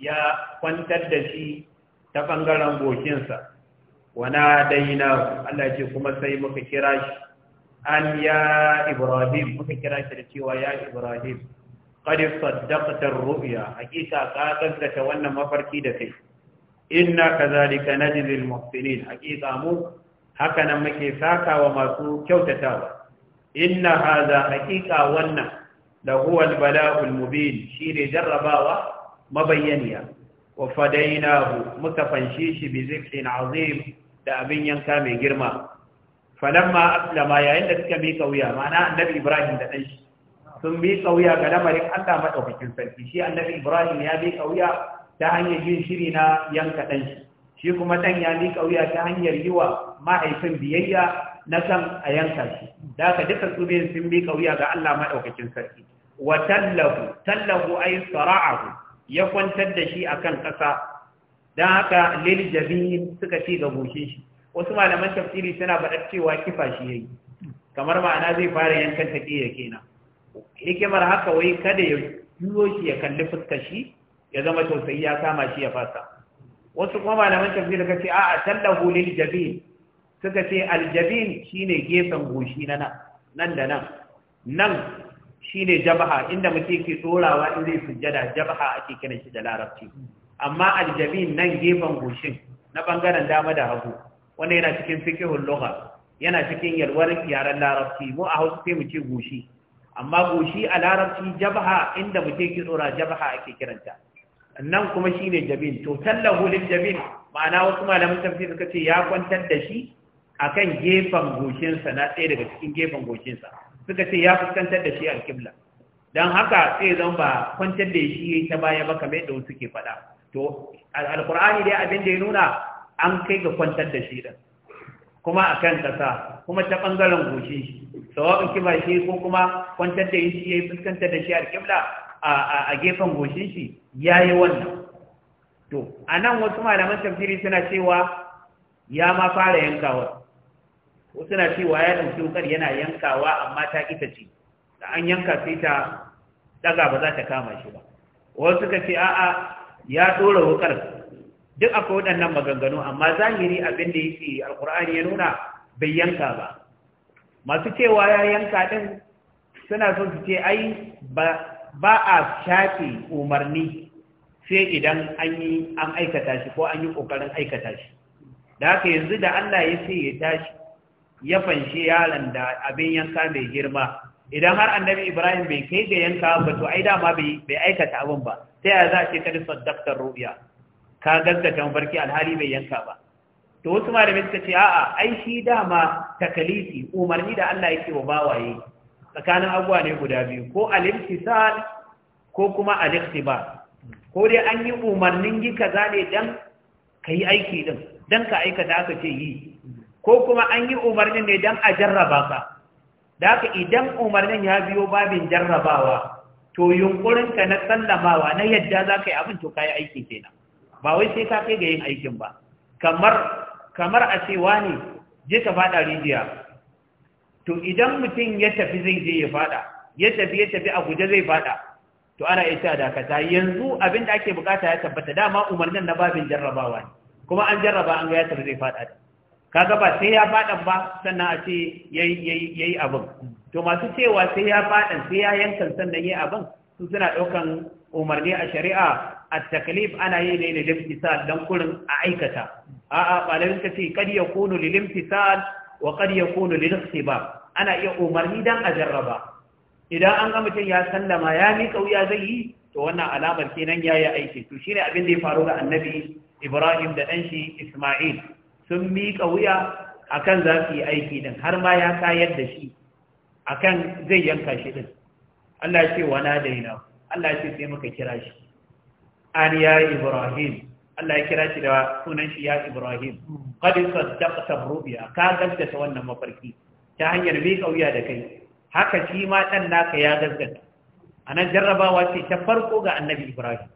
[SPEAKER 1] ya kwantar da shi ta ɓangaren gokinsa wana daina Allah ce kuma sai muka kira shi an ya ibrahim muka kira shi da cewa ya ibrahim ƙarfi saddakatar ru'ya hakika ka gaskata wannan mafarki da kai inna kazalika najzil muhsinin haqiqa mu haka nan muke sakawa masu kyautatawa inna hadha haqiqa wannan da huwa al-bala'ul shine jarrabawa mabayyaniya wa fadainahu muka fanshe shi bi zikrin azim da abin yanka mai girma falamma aslama yayin da suka mika wuya mana annabi ibrahim da dan shi sun mika wuya ga lamarin Allah madaukakin sarki shi annabi ibrahim ya mika wuya ta hanyar yin shiri na yanka ɗan shi shi kuma ɗan ya miƙa wuya ta hanyar yi wa mahaifin biyayya na kan a yanka shi da aka duka su biyun sun miƙa wuya ga Allah maɗaukacin sarki wa tallahu tallahu ai sara'ahu ya kwantar da shi akan ƙasa don haka lil jabin suka ci ga goshin shi wasu malaman tafsiri suna faɗar cewa kifa shi yayi kamar ma'ana zai fara yankan ta taƙiya kenan hikimar haka wai kada ya juyo shi ya kalli fuskar shi ya zama tausayi ya kama shi ya fasa wasu kuma malaman tafsir da kace a'a sallahu lil jabin suka ce Al-Jabin jabin shine gefen goshi na nan nan da nan nan shine jabha inda mutum ke tsorawa in zai sujjada jabha ake kiran shi da larabci amma Al-Jabin nan gefen goshin na bangaren dama da hagu wanda yana cikin fiqhul lugha yana cikin yalwar yaren larabci mu a hausa sai mu ce goshi amma goshi a larabci jabha inda mutum ke tsora jabha ake kiranta nan kuma shi ne jabin to tallahu lil jabin ma'ana wasu malaman tafsir suka ce ya kwantar da shi akan gefen goshinsa na ɗaya daga cikin gefen goshinsa suka ce ya fuskantar da shi kibla don haka sai zan ba kwantar da shi ta baya ba kamar yadda ke faɗa to alkur'ani dai abin da ya nuna an kai ga kwantar da shi din kuma a kan kasa, kuma ta bangaren goshi shi sawa'in shi ko kuma kwantar da shi ya fuskantar da shi kibla a gefen goshin shi ya yi wannan to a nan wasu malaman tafsiri suna cewa ya ma fara yankawa wasu suna cewa ya ɗauki wukar yana yankawa amma ta ita ce da an yanka sai ta ɗaga ba za ta kama shi ba wasu suka ce a'a ya ɗora wukar duk akwai waɗannan maganganu amma zahiri abin da yake Alƙur'ani ya nuna bai yanka ba masu cewa ya yanka ɗin suna son su ce ai ba ba a shafi umarni sai idan an yi an aikata shi ko an yi ƙoƙarin aikata shi da haka yanzu da Allah ya ce ya tashi ya fanshe yaron da abin yanka mai girma idan har annabi Ibrahim bai kai ga yanka ba to ai dama bai aikata abin ba sai ya za a ce ka da saddaktar ru'ya ka gaskata barki alhali bai yanka ba to wasu malamin suka ce a'a ai shi dama takalifi umarni da Allah yake wa bawaye tsakanin abuwa ne guda biyu ko al ko kuma al ko dai an yi umarnin yi kaza ne dan ka yi aiki din dan ka aikata aka ce yi ko kuma an yi umarnin ne dan a jarraba ka da haka idan umarnin ya biyo babin jarrabawa to yunkurin ka na sallamawa na yadda za ka yi abin to ka yi aiki kenan ba wai sai ka kai ga yin aikin ba kamar a ce wani je ka faɗa rijiya to idan mutum ya tafi zai je ya fada ya tafi ya tafi a guje zai fada to ana iya cewa dakata yanzu abin da ake bukata ya tabbata dama umarnin na babin jarrabawa ne kuma an jarraba an ga ya tafi zai fada da kaga ba sai ya fadan ba sannan a ce yayi yayi yayi abin to masu cewa sai ya fadan sai ya yankan sannan yayi abin su suna daukan umarni a shari'a at-taklif ana yi ne da limtisal dan kurin a aikata a'a malamin ta ce kad yakunu lil limtisal wa ya yakunu lil ikhtiba ana iya umarni dan a jarraba idan an ga mutum ya sallama ya mika wuya zai yi to wannan alamar kenan yayi aiki to shine abin da ya faru ga annabi Ibrahim da danshi shi Isma'il sun mika wuya akan za su yi aiki din har ma ya kayar da shi akan zai yanka shi din Allah ya ce wa nadaina Allah ya ce sai muka kira shi an ya Ibrahim Allah ya kira shi da sunan shi ya Ibrahim qad saddaqta ka gaskata wannan mafarki ta hanyar bi kauya da kai haka shi ma dan naka ya gaskata anan jarrabawa ce ta farko ga Annabi Ibrahim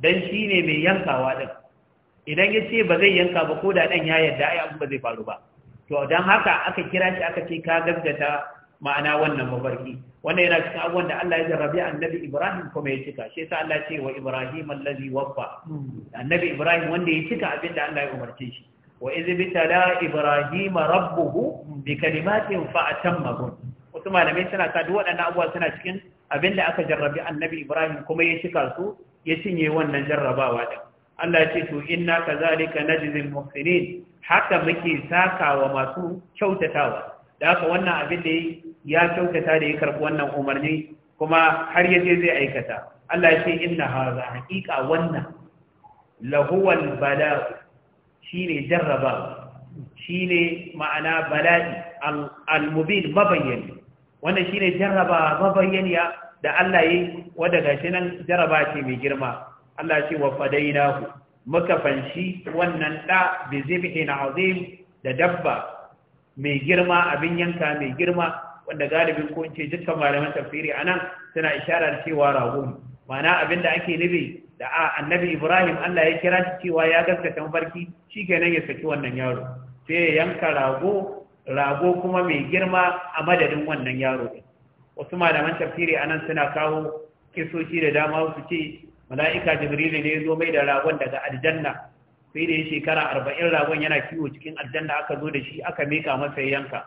[SPEAKER 1] dan shi ne mai yankawa din idan ya ce ba zai yanka ba ko da dan ya yarda ai abu ba zai faru ba to dan haka aka kira shi aka ce ka gaskata ma'ana wannan mafarki wannan yana cikin abubuwan da Allah ya jarrabi annabi Ibrahim kuma ya cika shi yasa Allah ce wa Ibrahim allazi waffa annabi Ibrahim wanda ya cika abin da Allah ya umarce shi wa iz bitala Ibrahima rabbuhu bi kalimatin fa atammahum wasu malamai suna ka duk waɗannan abubuwa suna cikin abin da aka jarrabi annabi Ibrahim kuma ya cika su ya cinye wannan jarrabawa da. Allah ya ce to inna kazalika najzil muhsinin haka muke sakawa masu kyautatawa da haka wannan abin da yi ya kyautata da ya karɓi wannan umarni kuma har yaje zai aikata Allah ya ce inna haza haƙiƙa wannan lahuwal bala shine jarraba shine ma'ana bala'i al-mubin mabayyani wannan shine jarraba mabayyaniya da Allah yi wanda gashi nan jarraba ce mai girma Allah ce wa fadainahu muka fanshi wannan da bi azim da dabba mai girma abin yanka mai girma wanda galibin ko in ce dukkan malaman tafsiri anan suna isharar cewa rago ne abin da ake nufi da annabi ibrahim allah ya kira shi cewa ya gaskata mafarki shikenan ya saki wannan yaro sai ya yanka rago rago kuma mai girma a madadin wannan yaro wasu malaman tafsiri anan suna kawo kisoci da dama su ce mala'ika jibrilu ne ya zo mai da ragon daga aljanna sai da ya shekara arba'in ragon yana kiwo cikin aljanna aka zo da shi aka mika masa yanka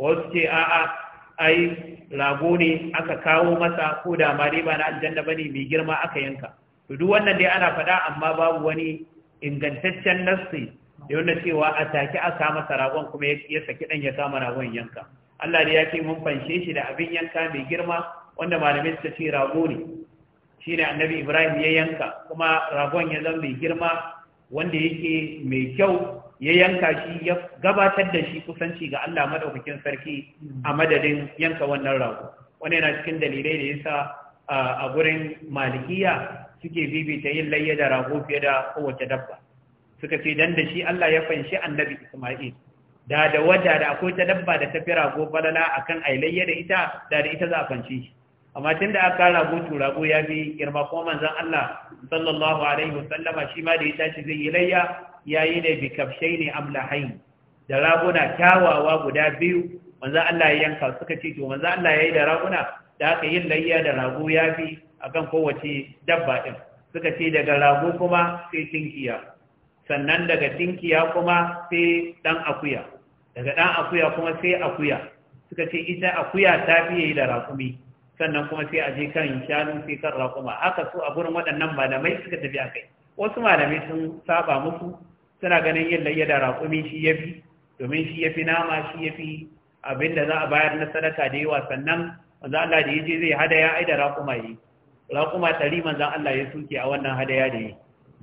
[SPEAKER 1] wasu ce a'a ai rago ne aka kawo masa ko da ma dai ba na aljanna bane mai girma aka yanka to duk wannan dai ana faɗa amma babu wani ingantaccen nassi da wannan cewa a take a masa ragon kuma ya saki dan ya kama ragon yanka Allah dai ya ce mun fanshe shi da abin yanka mai girma wanda malamai suka ce rago ne shine annabi Ibrahim ya yanka kuma ragon ya zama mai girma wanda yake mai kyau ya yanka shi ya gabatar da shi kusanci ga Allah madaukakin sarki a madadin yanka wannan rago wani yana cikin dalilai da yasa a gurin malikiya suke bibita yin layya da rago fiye da kowace dabba suka ce dan da shi Allah ya fanshi annabi Isma'il da da waja da akwai ta dabba da ta fi rago balala akan ai layya da ita da da ita za a fanshi shi amma tun da aka rago to rago ya fi girma kuma manzan Allah sallallahu alaihi sallama shi ma da ya tashi zai yi layya Ya yi ne bikafshai ne amlahai da raguna kyawawa guda biyu manzan Allah ya yanka suka ce to manzan Allah ya yi da raguna da aka yin layya da rago ya fi kan kowace dabba ɗin, suka ce daga rago kuma sai tinkiya sannan daga tinkiya kuma sai ɗan akuya daga ɗan akuya kuma sai akuya suka ce ita akuya ta fiye da rakumi sannan kuma sai a je kan shanu sai kan raƙuma haka su a gurin waɗannan malamai suka tafi a kai wasu malamai sun saba musu suna ganin yin layya da raƙumi shi ya fi domin shi ya fi nama shi ya fi abin da za a bayar na sadaka da yawa sannan manzo Allah da yaje zai hadaya ai da raƙuma yi raƙuma tari manzo Allah ya suke a wannan hadaya da yi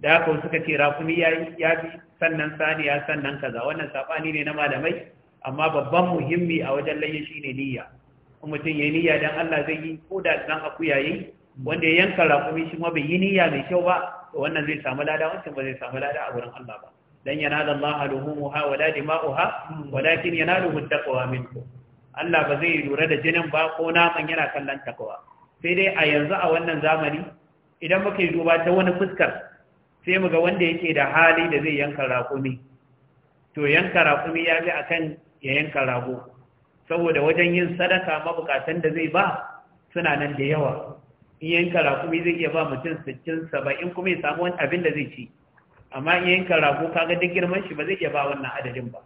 [SPEAKER 1] da haka suka ce raƙumi ya fi sannan saniya sannan kaza wannan sabani ne na malamai amma babban muhimmi a wajen layya ne niyya mutum ya niyya don Allah zai yi ko da dan akuya yayi wanda ya yanka rakumi shi ma bai yi niyya mai kyau ba to wannan zai samu lada wancan ba zai samu lada a wurin Allah ba dan yanala Allah luhumuha wala dima'uha walakin yanaluhu taqwa minku. Allah ba zai lura da jinin ba ko naman yana kallon takawa sai dai a yanzu a wannan zamani idan muka yi duba ta wani fuskar sai mu ga wanda yake da hali da zai yanka rakumi to yanka rakumi ya bi akan ya yanka rago saboda wajen yin sadaka mabukatan da zai ba suna nan da yawa in yanka rakumi zai iya ba mutum sittin saba'in kuma ya samu wani abin da zai ci amma in yanka rago kaga duk girman shi ba zai iya ba wannan adadin ba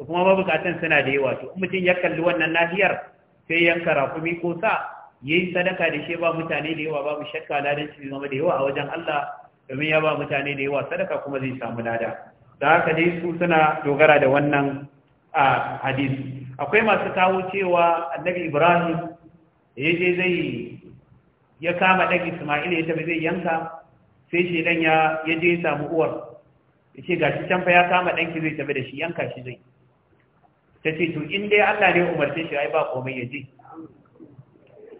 [SPEAKER 1] to kuma mabukatan suna da yawa to in mutum ya kalli wannan nahiyar sai yanka rakumi ko sa yayi sadaka da shi ba mutane da yawa babu shakka ladan shi zama da yawa a wajen Allah domin ya ba mutane da yawa sadaka kuma zai samu lada da haka dai su suna dogara da wannan a ah, hadisi akwai masu kawo cewa annabi ibrahim ya je zai ya kama ɗan ismail ya tafi zai yanka sai shi ɗan ya je samu uwar ya ce ga shi can fa ya kama ɗanki zai tafi da shi yanka shi zai ta ce to in dai allah ne umarce shi ai ba komai ya je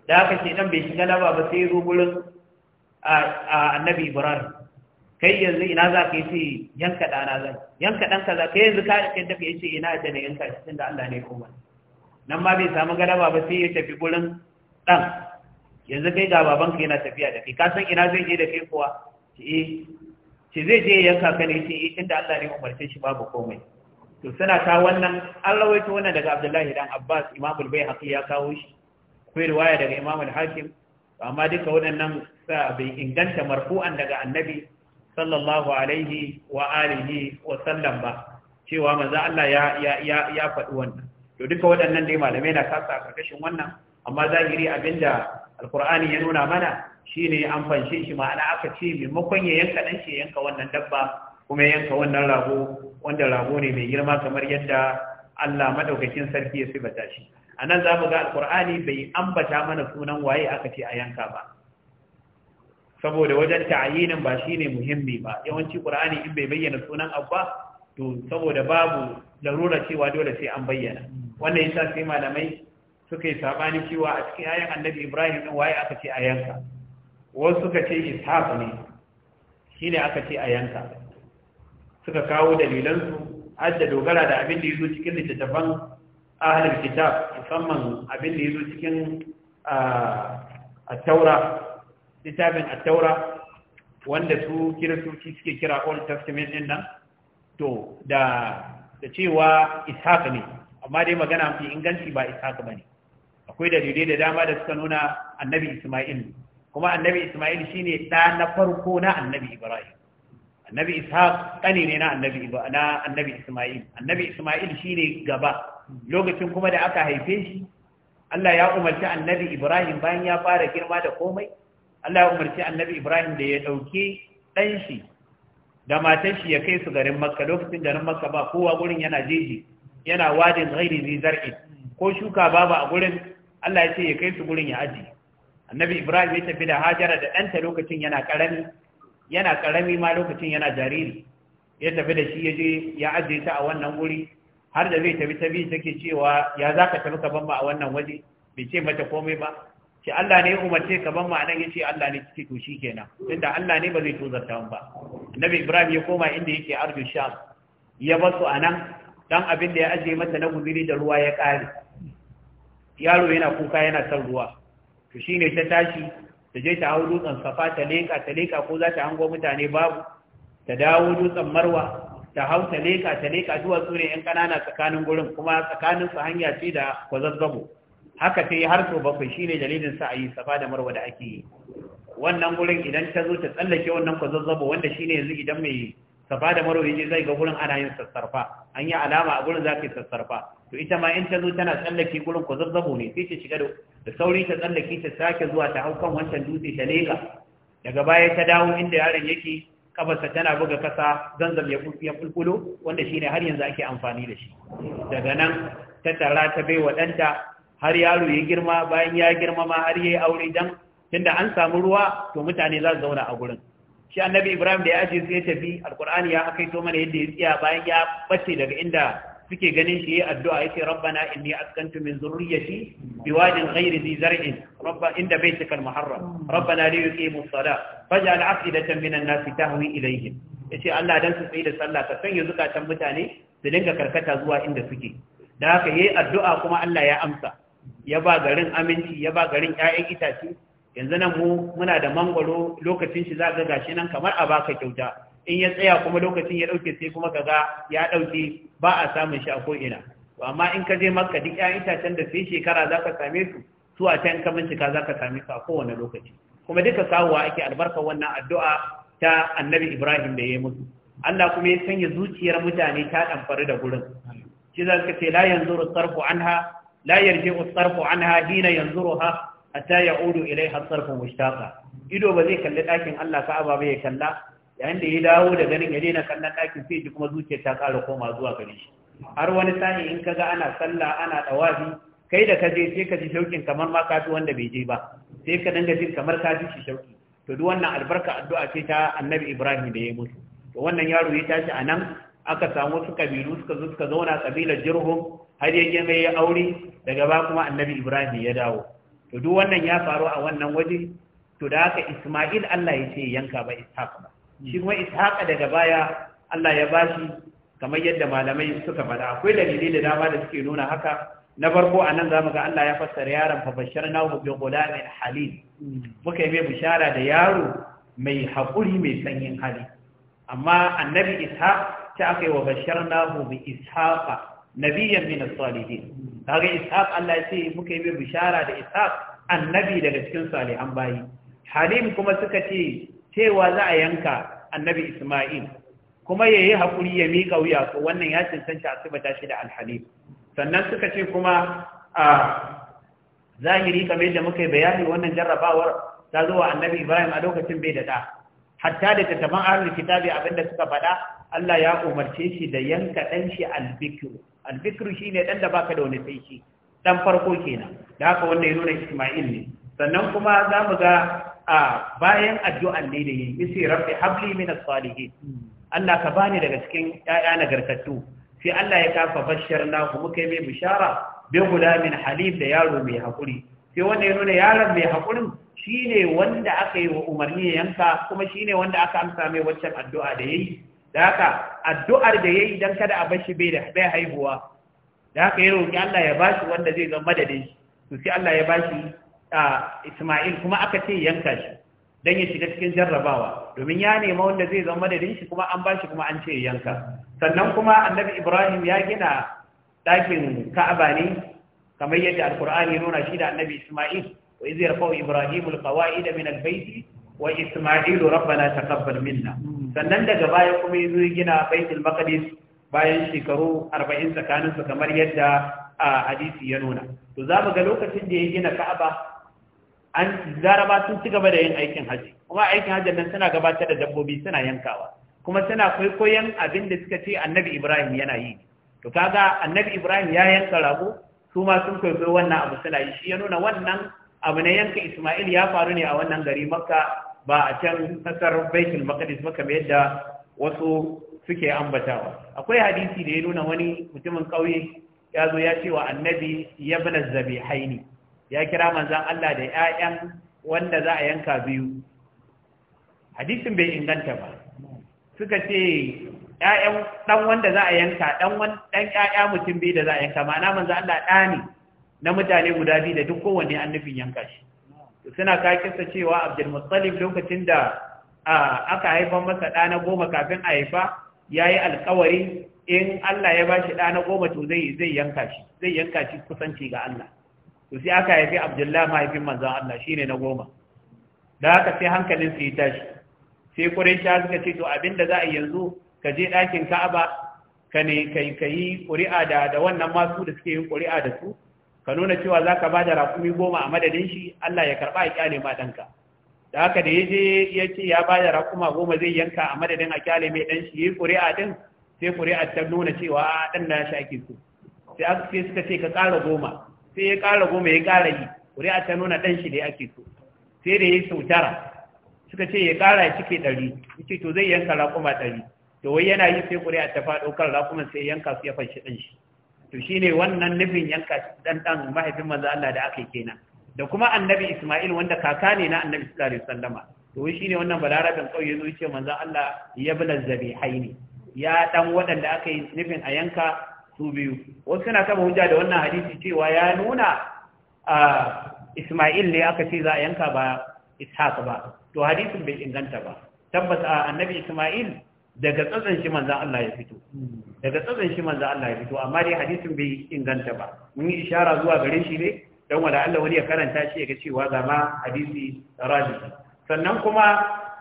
[SPEAKER 1] da aka ce ɗan bai shiga laba ba sai zo gurin annabi ibrahim kai yanzu ina za ka yi ce yanka ɗana zai. yanka ɗanka za ka yanzu ka kai tafi ya ce ina da na yanka shi da Allah ne kuma nan ma bai samu galaba ba sai ya tafi gurin ɗan yanzu kai ga babanka yana tafiya da kai ka san ina zai je da kai kuwa e eh, ce zai je yanka ka ne ce eh, tun da Allah ne umarce shi babu komai to suna ta wannan an rawaito wannan daga Abdullahi dan Abbas Imam al-Baihaqi ya kawo shi akwai riwaya daga Imam al-Hakim amma duka waɗannan sa bai inganta marfu'an daga Annabi sallallahu alaihi wa alihi wa sallam ba cewa manzo Allah ya ya ya faɗi wannan to duka waɗannan dai malamai na kasa a karkashin wannan amma zahiri abinda alqur'ani ya nuna mana shine an fanshe shi ma'ana aka ce maimakon ya yanka dan shi yanka wannan dabba kuma ya yanka wannan rago wanda rago ne mai girma kamar yadda Allah madaukakin sarki ya sibata shi anan za mu ga alqur'ani bai ambata mana sunan waye aka ce a yanka ba saboda wajen ta'ayinin ba shine muhimmi ba yawanci qur'ani in bai bayyana sunan abba to saboda babu larura cewa dole sai an bayyana wannan yasa sai malamai suka yi sabani cewa a cikin ayan annabi ibrahim din waye aka ce a yanka wasu suka ce ishaq ne shine aka ce a yanka suka kawo dalilansu har da dogara da abin da yazo cikin littattafan ahlul kitab musamman abin da yazo cikin a ah, taura littafin attaura wanda su kiristoci suke kira old testament din nan to da da cewa ishaq ne amma dai magana mafi inganci ba ishaq bane akwai dalilai da dama da suka nuna annabi isma'il kuma annabi isma'il shine da na farko na annabi ibrahim annabi ishaq kane ne na annabi na annabi isma'il annabi isma'il shine gaba lokacin kuma da aka haife shi Allah ya umarci annabi ibrahim bayan ya fara girma da komai Allah ya umarci annabi Ibrahim da ya ɗauki ɗan shi da matan shi ya kai su garin Makka lokacin garin Makka ba kowa gurin yana jeji yana wadin ghairi zar'i ko shuka babu a gurin Allah ya ce ya kai su gurin ya aji annabi Ibrahim ya tafi da Hajara da ɗanta lokacin yana karami yana karami ma lokacin yana jariri ya tafi da shi ya je ya aje ta a wannan guri har da zai tafi ta biyu take cewa ya zaka tafi ka ban ba a wannan waje bai ce mata komai ba ce Allah ne ya umarce ka ban ma'anan ya ce Allah ne ce to shi kenan tunda Allah ne ba zai tozarta mu ba nabi Ibrahim ya koma inda yake arju sham ya basu anan dan abin da ya aje mata na guziri da ruwa ya kare yaro yana kuka yana son ruwa to shine ta tashi ta je ta hau dutsen safa ta leka ta leka ko za ta hango mutane babu ta dawo dutsen marwa ta hau ta leka ta leka duwatsu ne yan kanana tsakanin gurin kuma tsakanin su hanya ce da kwazazzabo haka ta yi har sau bakwai shine dalilin sa a yi safa da marwa da ake yi wannan gurin idan ta zo ta tsallake wannan kwazazzabo wanda shine yanzu idan mai safa da marwa yaje zai ga gurin ana yin sassarfa an yi alama a gurin zaka yi sassarfa to ita ma in ta zo tana tsallake gurin kwazazzabo ne sai ta shiga da sauri ta tsallake ta sake zuwa ta hau kan wancan dutse ta lega daga baya ta dawo inda yaron yake kafarsa tana buga kasa zanzam ya fulfulo wanda shine har yanzu ake amfani da shi daga nan ta tara ta bai wa ɗanta har yaro ya girma bayan ya girma ma har yayi aure dan tunda an samu ruwa to mutane za su zauna a gurin shi annabi ibrahim da ya aje sai ya tafi alqur'ani ya to mana yadda ya tsiya bayan ya bace daga inda suke ganin shi yayi addu'a yace rabbana inni askantu min zurriyyati biwadin ghairi dhi zar'in rabba inda baytika almuharram rabbana li yuqimu as-salah faj'al 'afidatan minan nasi tahwi ilayhim yace Allah dan su tsaye da sallah ka sanya zukatan mutane su dinga karkata zuwa inda suke da haka yayi addu'a kuma Allah ya amsa ya ba garin aminci ya ba garin ƴaƴan itace yanzu nan mu muna da mangwaro lokacin shi za ga gashi nan kamar a baka kyauta in ya tsaya kuma lokacin ya ɗauke sai kuma kaga ya ɗauke ba a samun shi a ko'ina. ina to amma in ka je makka duk ƴaƴan itacen da sai shekara za ka same su su a can ka bincika za ka same su a kowane lokaci kuma duka kawowa ake albarkar wannan addu'a ta annabi ibrahim da ya yi musu Allah kuma ya sanya zuciyar mutane ta ɗamfari da gurin shi za ka ce la yanzu rusarku anha la yarji'u sarfu yanzu hina a hatta ya'udu ilaiha sarfu mushtaqa ido ba zai kalli ɗakin Allah Ka'aba ba ya kalla yayin da ya dawo da ganin ya daina kallon ɗakin sai ji kuma zuciya ta ƙara koma zuwa gare har wani sani in ka ga ana sallah ana tawafi kai da ka je sai ka ji shauƙin kamar ma ka wanda bai je ba sai ka dinga jin kamar ka ji shauƙi to duk wannan albarka addu'a ce ta Annabi Ibrahim da ya mutu to wannan yaro ya tashi a nan aka samu wasu kabilu suka zo suka zauna kabilar jirhum har ya je mai ya aure daga ba kuma annabi ibrahim ya dawo to duk wannan ya faru a wannan waje to da haka isma'il allah ya ce yanka ba ishaq ba shi kuma ishaq daga baya allah ya bashi kamar yadda malamai suka faɗa akwai dalilai da dama da suke nuna haka na farko a nan zamu ga Allah ya fassara yaron fa na hu bi ghulamin halim muka yi mai bishara da yaro mai haƙuri mai sanyin hali amma annabi ishaq ta aka yi wa na hu bi ishaqa nabiyyan min as-salihin kaga ishaq Allah ce muka yi bishara da ishaq annabi daga cikin salihan bayi halim kuma suka ce cewa za a yanka annabi isma'il kuma yayi hakuri ya mika wuya to wannan ya cancanta a sibata shi da al-halim sannan suka ce kuma a zahiri kamar da muka yi bayani wannan jarrabawar ta annabi ibrahim a lokacin bai da da hatta da tattaban ahlul kitabi abinda suka faɗa Allah ya umarce shi da yanka ɗan shi albikiru shi shine ɗan da baka da wani sai shi Ɗan farko kenan da haka wannan ya nuna Isma'il ne sannan kuma za mu ga a bayan addu'an ne da yi misi rabbi habli min as Allah ka bani daga cikin ƴaƴa nagartattu sai Allah ya kafa na ku muka yi mai bishara guda gulamin halim da yaro mai hakuri sai wanda ya nuna yaron mai hakurin shine wanda aka yi wa umarni ya yanka kuma shine wanda aka amsa mai waccan addu'a da ya yi. da haka addu'ar da ya yi dan kada a bar shi bai da bai haihuwa da haka ya roƙi Allah ya bashi wanda zai zama madadin shi to sai Allah ya bashi Isma'il kuma aka ce yanka shi dan ya shiga cikin jarrabawa domin ya nema wanda zai zama madadin shi kuma an bashi kuma an ce yanka sannan kuma Annabi Ibrahim ya gina ɗakin Ka'aba ne kamar yadda Alkur'ani nuna shi da Annabi Isma'il wa iz yarfa'u Ibrahimul qawa'ida min al-bayti wa Isma'ilu rabbana taqabbal minna hmm. sannan daga baya kuma yazo ya gina Baitul Maqdis bayan shekaru 40 tsakanin su kamar yadda a hadisi ya nuna to za mu ga lokacin da ya gina Ka'aba an zaraba sun ci gaba da yin aikin haji kuma aikin hajjin nan suna gabatar da dabbobi suna yankawa kuma suna kwaikwayon abin da suka ce Annabi Ibrahim yana yi to kaga Annabi Ibrahim ya yanka rago su ma sun kwaikwayo wannan abu suna yi shi ya nuna wannan abu ne yanka Ismail ya faru ne a wannan gari Makka ba a can kasar Baitul Maqdis ba kamar yadda wasu suke ambatawa akwai hadisi da ya nuna wani mutumin kauye ya zo ya ce wa annabi ya bana zabihaini ya kira manzan Allah da ƴaƴan wanda za a yanka biyu hadisin bai inganta ba suka ce ƴaƴan dan wanda za a yanka dan 'ya'ya dan ƴaƴa mutum biyu da za a yanka ma'ana manzan Allah ɗani ne na mutane guda biyu da duk kowanne an nufin yanka shi suna kakinsa cewa abdulmuttalib lokacin da aka haifan masa ɗa na goma kafin a haifa ya yi alkawari in Allah ya ba shi ɗa na goma to zai yanka shi zai yanka shi kusanci ga Allah to sai aka haifi abdullah mahaifin manzon Allah shine na goma da haka sai hankalin su yi tashi sai quraisha suka ce to abinda za a yanzu ka je ɗakin ka'aba ka ne kai kai ƙuri'a da da wannan masu da suke yin ƙuri'a da su ka nuna cewa za ka ba da rakumi goma a madadin shi Allah ya karɓa a kyale ma ɗanka da haka da ya je ya ce ya ba da rakuma goma zai yanka a madadin a kyale mai ɗan shi ya yi ƙuri'a ɗin sai ƙuri'a ta nuna cewa ɗan na shi ake so sai aka sai suka ce ka ƙara goma sai ya ƙara goma ya ƙara yi ƙuri'a ta nuna ɗan shi da ake so sai da ya yi sau tara suka ce ya ƙara ya cike ɗari ya ce to zai yanka rakuma ɗari to wai yana yi sai ƙuri'a ta faɗo kan rakuman sai yanka su ya fanshi ɗan shi to ne wannan nufin yanka ɗanɗan mahaifin manzo Allah da aka yi kenan da kuma annabi Isma'il wanda kaka ne na annabi sallallahu alaihi wasallama to ne wannan balarabin kauye zo yace manzo Allah ya bilal zabihaini ya dan wadanda aka yi nufin a yanka su biyu wasu suna kama hujja da wannan hadisi cewa ya nuna Isma'il ne aka ce za a yanka ba Ishaq ba to hadisin bai inganta ba tabbas a annabi Isma'il daga tsatsan shi manzo Allah ya fito hmm. daga tsazan shi manzo Allah ya fito amma dai hadisin bai inganta ba mun yi ishara zuwa gare shi ne dan wala Allah wani ya karanta shi ya ga cewa ga ma hadisi rajihi sannan kuma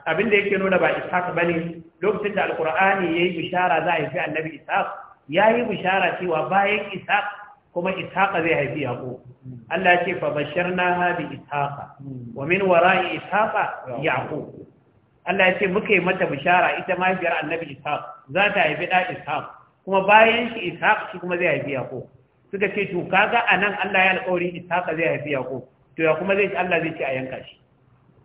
[SPEAKER 1] abin da yake nuna ba ishaq bane lokacin da alqur'ani yayi bishara za a haifi annabi ishaq yayi bishara cewa bayan ishaq kuma ishaq zai haifi yaqub Allah ya ce fa basharnaha bi ishaq wa min wara'i ishaq yaqub Allah ya ce muka yi mata bishara ita mahaifiyar annabi ishaq za ta haifi da ishaq kuma bayan shi ishaq shi kuma zai haifi yaqub suka ce to kaga anan Allah ya alƙawari ishaq zai haifi yaqub to ya kuma zai Allah zai ce a yanka shi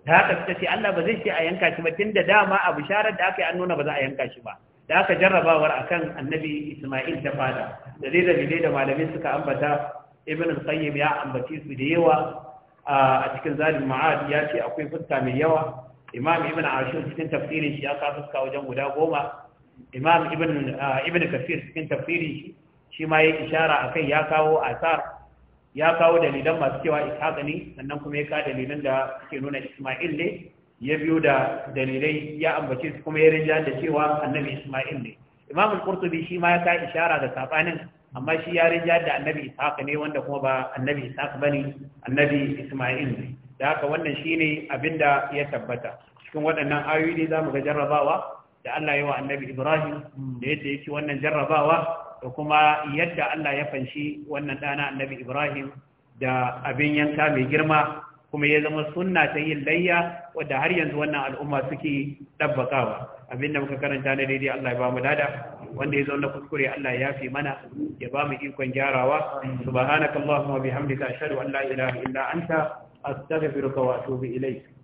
[SPEAKER 1] da haka suka ce Allah ba zai ce a yanka shi ba tunda dama a bisharar da aka yi an nuna ba za a yanka shi ba da aka jarrabawar akan annabi Isma'il ta fada da zai dalilai da malamai suka ambata Ibn al-Qayyim ya ambace su da yawa a cikin zalim ma'ad ya ce akwai fuska mai yawa Imam Ibn Ashur cikin tafsirin shi ya ka fuska wajen guda goma imam ibn ah, ibn kafir cikin tafsiri shi ma yake ishara akai ya kawo asar ya kawo dalilan masu cewa ishaqa ne sannan kuma ya kawo dalilan da suke nuna isma'il ne ya biyo da dalilai ya ambace su kuma ya rinja da cewa annabi isma'il ne imam al-qurtubi shi ma ya kawo ishara da sabanin amma shi ya rinja da annabi ishaqa ne wanda kuma ba annabi ishaqa bane annabi isma'il ne da haka wannan shine abinda ya tabbata cikin waɗannan ayoyi ne zamu ga jarrabawa da Allah ya wa annabi Ibrahim da yadda ya ci wannan jarrabawa da kuma yadda Allah ya fanshi wannan ɗana annabi Ibrahim da abin yanka mai girma kuma ya zama sunna ta yin layya wadda har yanzu wannan al'umma suke ɗabbakawa abin da muka karanta na daidai Allah ya ba mu dada wanda ya zauna kuskure Allah ya fi mana ya ba mu
[SPEAKER 2] ikon gyarawa subhanakallahumma bihamdika ashhadu an la ilaha illa anta astaghfiruka wa atubu ilayk